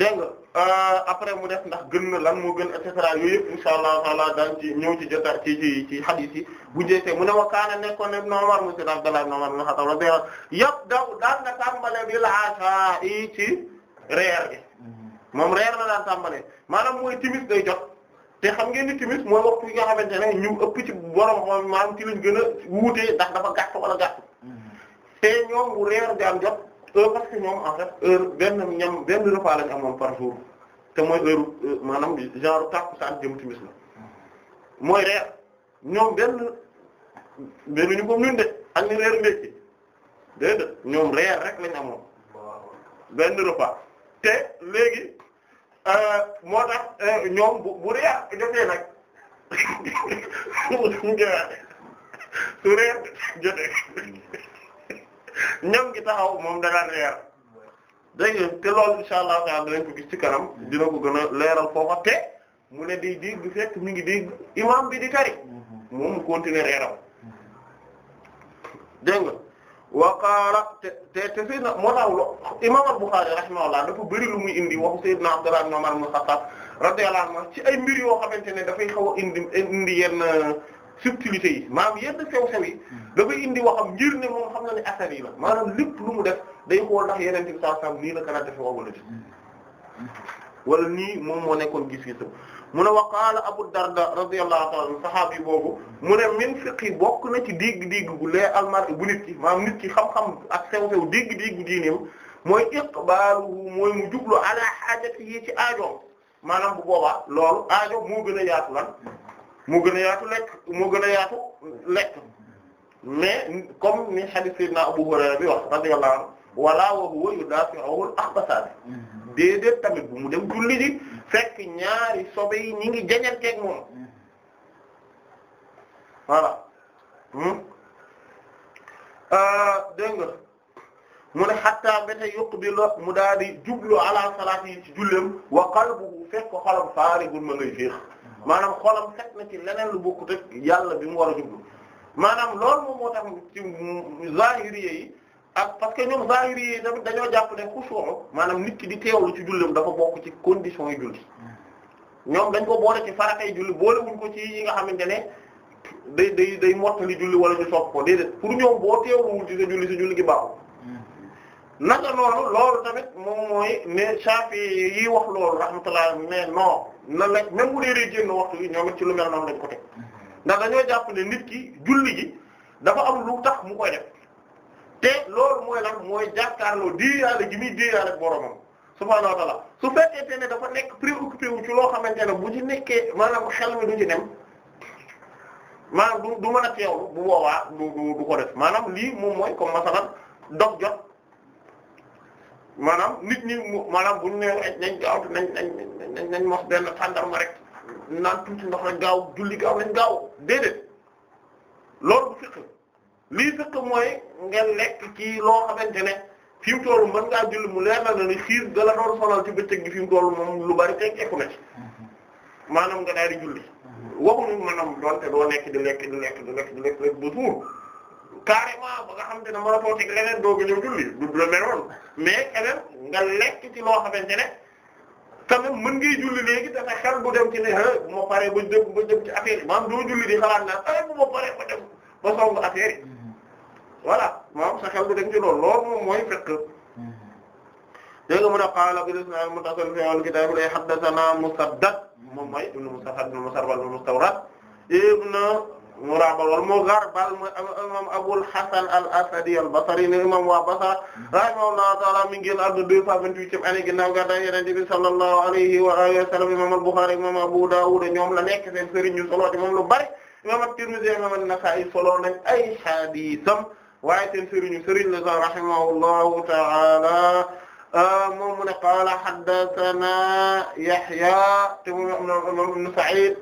dégg euh, après mu def ndax gën na lan moo gën et cetera yooyu yëpp insha allah taala daan ci ñëw ci jotaay ci ci ci xadiis yi bu jeexee mu ne wa kaana nekkoon ne Ibn Umar mu Seydina Abdallah ibn Umar ibn Khattab radiyallahu yëpp daw daan nga tàmbalee bil asha yi ci reer gi moom reer la daan tàmbalee maanaam mooy timis day jot te xam ngeen ni timis mooy waxtu yi nga xamante ne ñu ëpp ci borom moom maanaam ci lañ gën a wuutee ndax dafa gàtt wala gàtt te ñoom bu reer daan jot heure parce que ñoom en fait heure benn ñam benn repas lañ amoon par jour te mooy heure euh, maanaam genre tàkkusaan jëm timis la mooy reer ñoom benn benn ñu ko ñun de ak ni reer ndekki déedéet ñoom reer rek lañ amoon benn repas te léegi Euh, moo tax euh, ñoom bu bu reer jotee nag su reer jotee gi taxaw moom danaan reer dégg nga te lool insha allah taala dinañ ko gis ci kanam dina ko gën a leeral foofa mu ne di dégg fekk mi ngi dégg imam bi di tari mm-hmm. moom mu continuer reeram dégg wa qaala te te te fii nag moo tax imaam al-Bukhârî rahimahullah dafa bëri lu muy indi waxu Seydina Abdullah ibn Umar ibn Khattab radiyallahu anhu ci ay mbir yoo xamante ne dafay xaw a indi indi yenn subtilité yi maam yenn sew-sew yi dafay indi waxam ngir ne moom xam na ne asar yi la maanaam lépp lu mu def day xool ndax Yonent bi sallallahu alayhi wasallam nii la kan a defee wala wala nii moom moo nekkoon gis-gisam mu ne wa qaala Abu Darda radiyallahu ta'ala saxaabi boobu mu ne min fiqhi bokk na ci digg-digg bu lee almar bu nit ki maanaam nit ki xam-xam ak sew-sew digg-digg diineem mooy iqbaaluhu mooy mu jublu ala haajatihi ci aajoom maanaam bu boobaa loolu aajo moo gën a yaatu lan moo gën a yaatu lekk moo gën a yaatu lekk mais comme ni hadith Sayyidina Abu Hurayra bi wax radiyallahu anhu wala wa huwa yudaafi'uhu al-akhbasaan mm-hmm. déedéet tamit bu mu dem julli ji fekk ñaari sobe yi ñi ngi jañanteeg moom voilà hmm? euh, dégg nga mu ne xatta bete yuq bi la mu daal di jublu ala salaat yi ci julleem wa qalbuhu fekk ko xolam faarigul ma ngay féex maanaam xolam fekk na ci leneen lu bokkut ak yàlla bi mu war a jublu maanaam loolu moom moo ci zahiri yi ak parce que ñoom zahiri yi tamit dañoo jàpp ne xusuu maanaam nit ki di teewlu ci jullam dafa bokk ci condition yi julli ñoom dañ ko boole ci faratay julli boolewuñ ko ci yi nga xamante ne day day day mottali julli wala ñu sopp ko déedéet pour ñoom boo teewluwul ci sa julli sa julli gi baaxul naka noonu loolu tamit moom mooy ne Shafi yi wax loolu rahmatullah mais non na la même bu dee génn waxtu bi ñoom it ci lu mel noonu lañ ko teg ndax dañoo jàpp nit ki julli gi dafa am lu tax mu koy te loolu mooy lan mooy jàkkaarloo di gi ji muy di yàlla boromam subhaanahu wa ta'ala su fekkente ne dafa nekk préoccupé wu ci loo xamante ne bu ci nekkee maanaam xel mi du ci dem maanaam du du mën a teewlu bu boobaa du du du maanaam lii moom mooy comme masalan dox jot maanaam nit ñi mu maanaam bu ñu nee nañ gaaw nañ nañ nañ nañ mos benn tàndarma rek naan tuuti ndox nañ gaaw julli gaaw nañ gaaw déedéet loolu bu fekk. lii fekk mooy ngeen lekk ci loo xamante ne fi mu toll mën ngaa julli mu leer na ne xiir gala doon sonal ci bëccëg gi fi mu toll moom lu bari teg ekku na ci maanaam nga daal di julli waxuñu maanaam doonte doo nekk di lekk di lekk di lekk di lekk rek ba suur carrément ba nga xamante ne mën a too teg leneen doo ko ñëw julli du du la mais quand même nga lekk ci loo xamante ne quand même mën ngay léegi te sa xel dem ci ne bu ma paree ba jëm ba jëm ci affaire yi maanaam doo julli di xalaat naan ay bu ma paree ba dem ba songu affaire yi voilà maam sa xel du dem ci loolu loolu moom mooy fekk dégg nga mu ne qaala bil-isnaad al-muttasil fil kitaab li haddathanaa Musaddad moom mooy ibn Musarhad ibn Musarbal ibn Mustawrad ibn Murabal wal Mugharbal mooy imaam Abul Hasan al-Asadi al-Basri ne imaam waa Basra rahimahullahu ta'aala mi ngi génn àdduna deux cent vingt-huitième année ginnaaw gàddaay Yonent bi sallallahu alayhi wa aalihi wa sallam imaam al-Bukhaari imaam Abu Daawud ñoom la nekk seen sëriñ ñu solo ci moom lu bari imaam at-Tirmidhi imaam an-Nasaa'i solo nañ ay hadiisam waaye seen sëriñu sëriñ la sax rahimahullahu ta'ala ah, moom mu ne qaala haddathana Yahya te moom imam Ibn Sa'id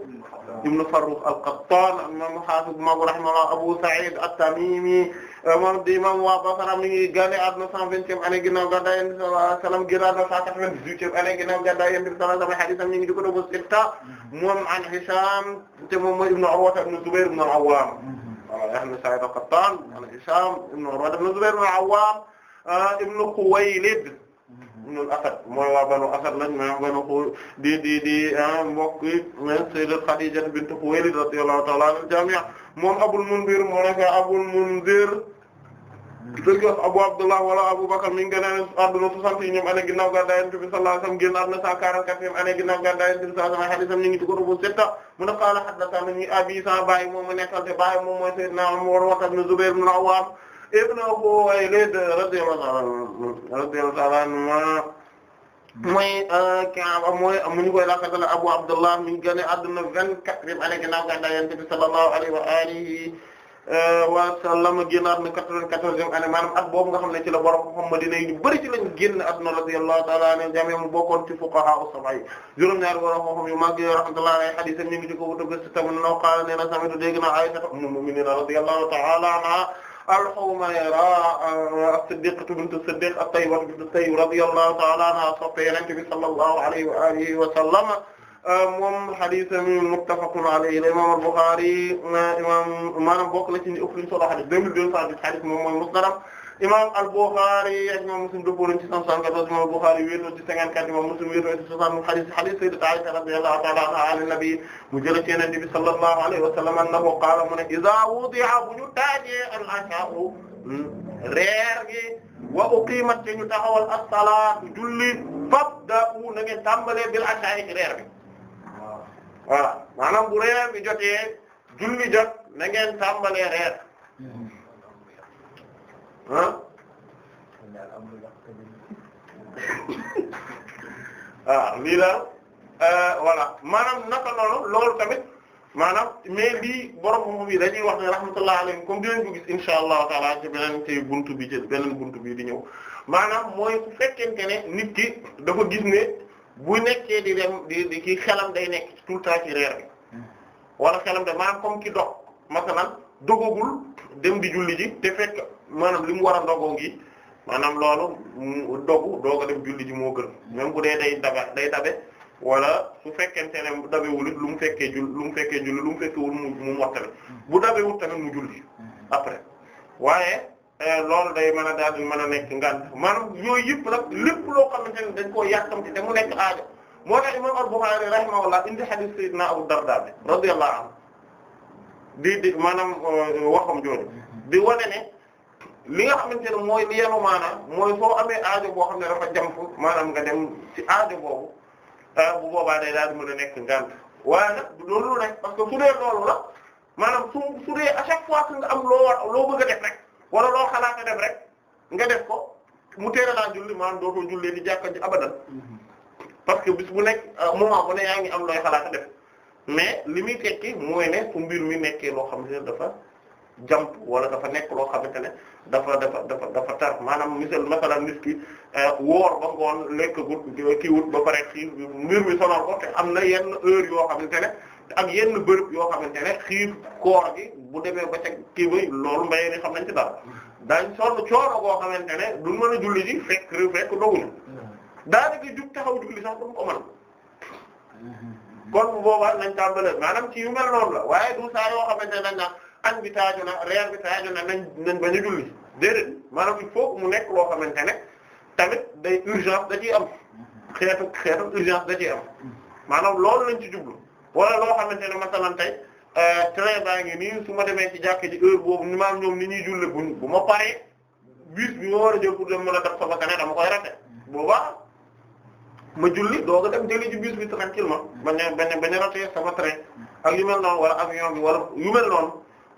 ibn Farrukh al-Qattan imam hafiz Magu rahimahullah Abu Sa'id at-Tamimi ah, moom di imam waa Basra mi ngi gane àdduna 120e année ginnaaw gàddaay Yonent bi sallallahu alayhi wa sallam génnaat na 198e année ginnaaw gàddaay Yonent bi sallallahu alayhi wa sallam hadiisam mi ngi di ko doon sitta moom an Hisham te moom mooy ibn Urwa ibn Zubayr ibn al-Awwam voilà Yahya ibn Sa'id al-Qattan an Hisham ibn Urwa def na Zubayr ibn al-Awwam ibn Khuwaylid ibn al-Asad mooy waa Banu Asad lañ ma banu xu di di di ah، mbokk men Sayyidat Khadija bint Khuwaylid radiyallahu ta'ala anha al-jami' moom Abul Mundhir moo nekk Abul Mundhir tël gi wax Abu Abdullah wala Abu Bakr mi ngi gën a adduna soixante yi ñoom année ginnaaw gàddaay Yonent bi sallallahu alayhi wasallam génn adduna cent quarante-quatrième année ginnaaw gàddaay Yonent bi sallallahu alayhi wasallam hadiisam ñu ngi ci kutubu sitta mu ne qaala haddathanaa ni abi sa baay moom mu nekkal te baay moom mooy sayyidina Urwa ibn Zubayr ibn al-Awwam ibn Abu Waylid radiyallahu ta'ala anhu mooy Kaaba mooy mu ñu koy lakkatale Abu Abdullah mi ngi gën a adduna vingt-quatrième année ginnaaw gàddaay Yonent bi sallallahu alayhi wa alihi Euh, wa sallam génnaat na quatre-vingt-quatorzième année maanaam at boobu nga xam ne ci la borom xam Madina yi ñu bëri ci lañ génn adduna radiyallahu ta'ala anhu jami mu bokkoon ci fuqaha as-sab'a yi juróom-ñaari borom xam-xam yu màgg rahmatullahi alayhi hadiisam ñu ngi ci ko wutu gëstu tamit noo qaala nee na sami'tu dégg na Aisha ummul mu'minin radiyallahu ta'ala anha al-Humayra euh, as-Siddiqatu bintu Siddiq at-Tayyibatu bintu Tayyib radiyallahu ta'ala anha soppe Yonent bi sallallahu alayhi wa alihi wa sallam moom xadisami muttafaqun alayhi la imam al-Bukhari imam maanaam bokk na ci ni ëpp solo xadis deux mille deux cent dix xadis moom mooy musnadam imam al-Bukhari ak imam Muslim dëppoo nañ ci cent soixante-quatorze imam al-Bukhari wéetoo ci cinquante-quatre imam Muslim wéetoo ci soixante xadis xadis sayyidati Aisha radiyallahu ta'ala anha an nabi mu jële ci Yonent bi sallallahu alayhi wa sallam annahu qaala mu ne iza wudi'a bu ñu taajee al-asha'u reer gi wa uqimat te ñu taxawal as-salaatu julli fabda'u na ngeen tàmbalee bil ashaa'i reer bi voilà maanaam bu reer bi jotee julli jot na ngeen tàmbalee reer ah lii la euh, voilà maanaam naka noonu loolu tamit maanaam mais lii borom xam-xam yi dañuy wax ne rahmatullah alayhim comme dinañ ko gis insha allahu taala ci beneen tey buntu bi ci beneen buntu bi di ñëw maanaam mooy su fekkente ne nit ki dafa gis ne bu nekkee di dem di ki xelam day nekk tout le temps ci reer bi wala xelam de maanaam comme ki dox masalan dogagul dem di julli ji te fekk maanaam li mu war a ndogoo ngi maanaam loolu dogu doog a dem julli ji moo gën même bu dee day daba day dabe wala su fekkente ne dabewul lu mu fekkee jul lu mu fekkee julli lu mu fekkewul mu mu mottale mm. bu dabewul tamit mu julli après waaye Eh, lool day mën a daal di mën a nekk ngànt maanaam yooyu yëpp nag lépp loo xamante ne dañ koo yàkkamti te mu nekk aajo moo tax imam al-Bukhari rahimahullah indi hadith sayyidina Abu Darda bi radiyallahu anhu di di maanaam eh, waxam di wane ne li nga xamante ne mooy li yenu mooy soo amee aajo boo xam ne dafa jamp maanaam nga dem ci aajo boobu eh, bu boobaa day daal di mën a nekk ngànt waaye nag loolu rek parce que su dee loolu la maanaam su su dee chaque fois que nga am loo war loo bëgg a def wala loo xalaata def rek nga def ko mu teera laa julli maanaam dootoo jullee di jàkka ji abadan parce que bis bu nekk euh, ma bu ne yaa ngi am looy xalaata def mais li muy tekki mooy ne fu mbir mi nekkee loo xam ne dafa jàmp wala dafa nekk loo xamante ne dafa dafa dafa dafa tar maanaam misal masalan nit ki euh, woor ba ngoon lekk gut kiiwut ba pare xii mbir mi sonal ko te am na yenn heure yoo xamante ne ak yenn bërëb yoo xamante ne xiif koor gi bu demee ba ca kii bay loolu mbéy mi xam nañ ci dara daañ sonn coono boo xamante ne duñ mën a julli ji fekk réew fekk doguñu daanaka jug ko mën bu boobaa nañ tàmbale maanaam ci yu mel la waaye du saa yoo xamante ne dañ naan añ bi taaju na reer na nañ nañ bañ a julli déedéet maanaam il faut mu nekk loo xamante ne tamit day urgence da ciy am xeetu xeetu urgence da ciy am maanaam loolu lañ ci jublu wala loo xamante ne masalan tey euh, train baa ngi ni su ma demee ci jàkk ji boobu ni maam ñoom ni ñuy julle buñ bu ma paree bis bi ma war a jël pour dem mën a def sama kanam dama koy rate boobaa ma julli doog a dem jëli ci bis bi tranquillement bañ a bañ a bañ a ratee sama train ak yu mel noonu wala avion bi wala yu mel noonu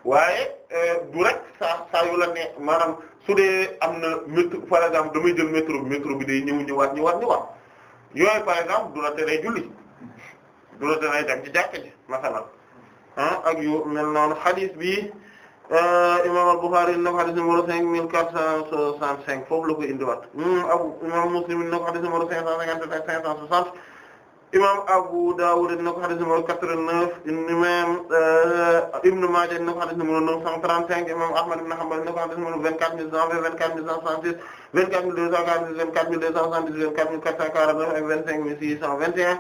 waaye euh, du rek saa saa yu la ne maanaam su dee am na métro par exemple damay jël métro bi métro bi day ñëw ñëwaat ñëwaat ñëwaat yooyu par exemple du la teree julli dula danay dem ci jàkk ji masalan ah ak yu mel noonu xadis bi eh, imam al-Bukhari na ko xadis numéro cinq mille quatre cent soixante-cinq foofu la ko indiwaat hmm, abu imam Muslim na ko xadis numéro cinq cent cinquante ak cinq cent soixante imam Abu Dawud na ko xadis numéro quatre-vingt-neuf imam eh, Ibn Maaja na ko xadis numéro neuf cent trente-cinq imam Ahmad ibn Hanbal na ko xadis numéro vingt-quatre mille cent vingt vingt-quatre mille cent soixante-six vingt-quatre mille deux cent quarante-six vingt-quatre mille deux cent soixante-dix vingt-quatre mille quatre cent quarante-neuf ak vingt-cinq mille six cent vingt et un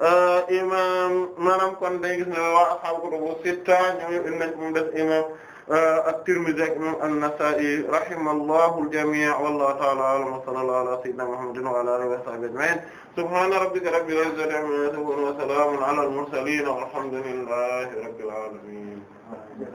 Euh, imam maanaam kon day gis ne waa ashaabu kutubu sitta ñoom indi nañ mu des imam euh, at-Tirmidhi ak imam an-Nasa'i rahimallahu al-jami' wallahu ta'ala a'lam wa sallallahu ala sayyidina Muhammadin wa ala alihi wa sahbihi ajma'in subhana rabbika rabbil izzati amma yasifun wa salamun ala al-mursalin walhamdulillahi rabbil alamin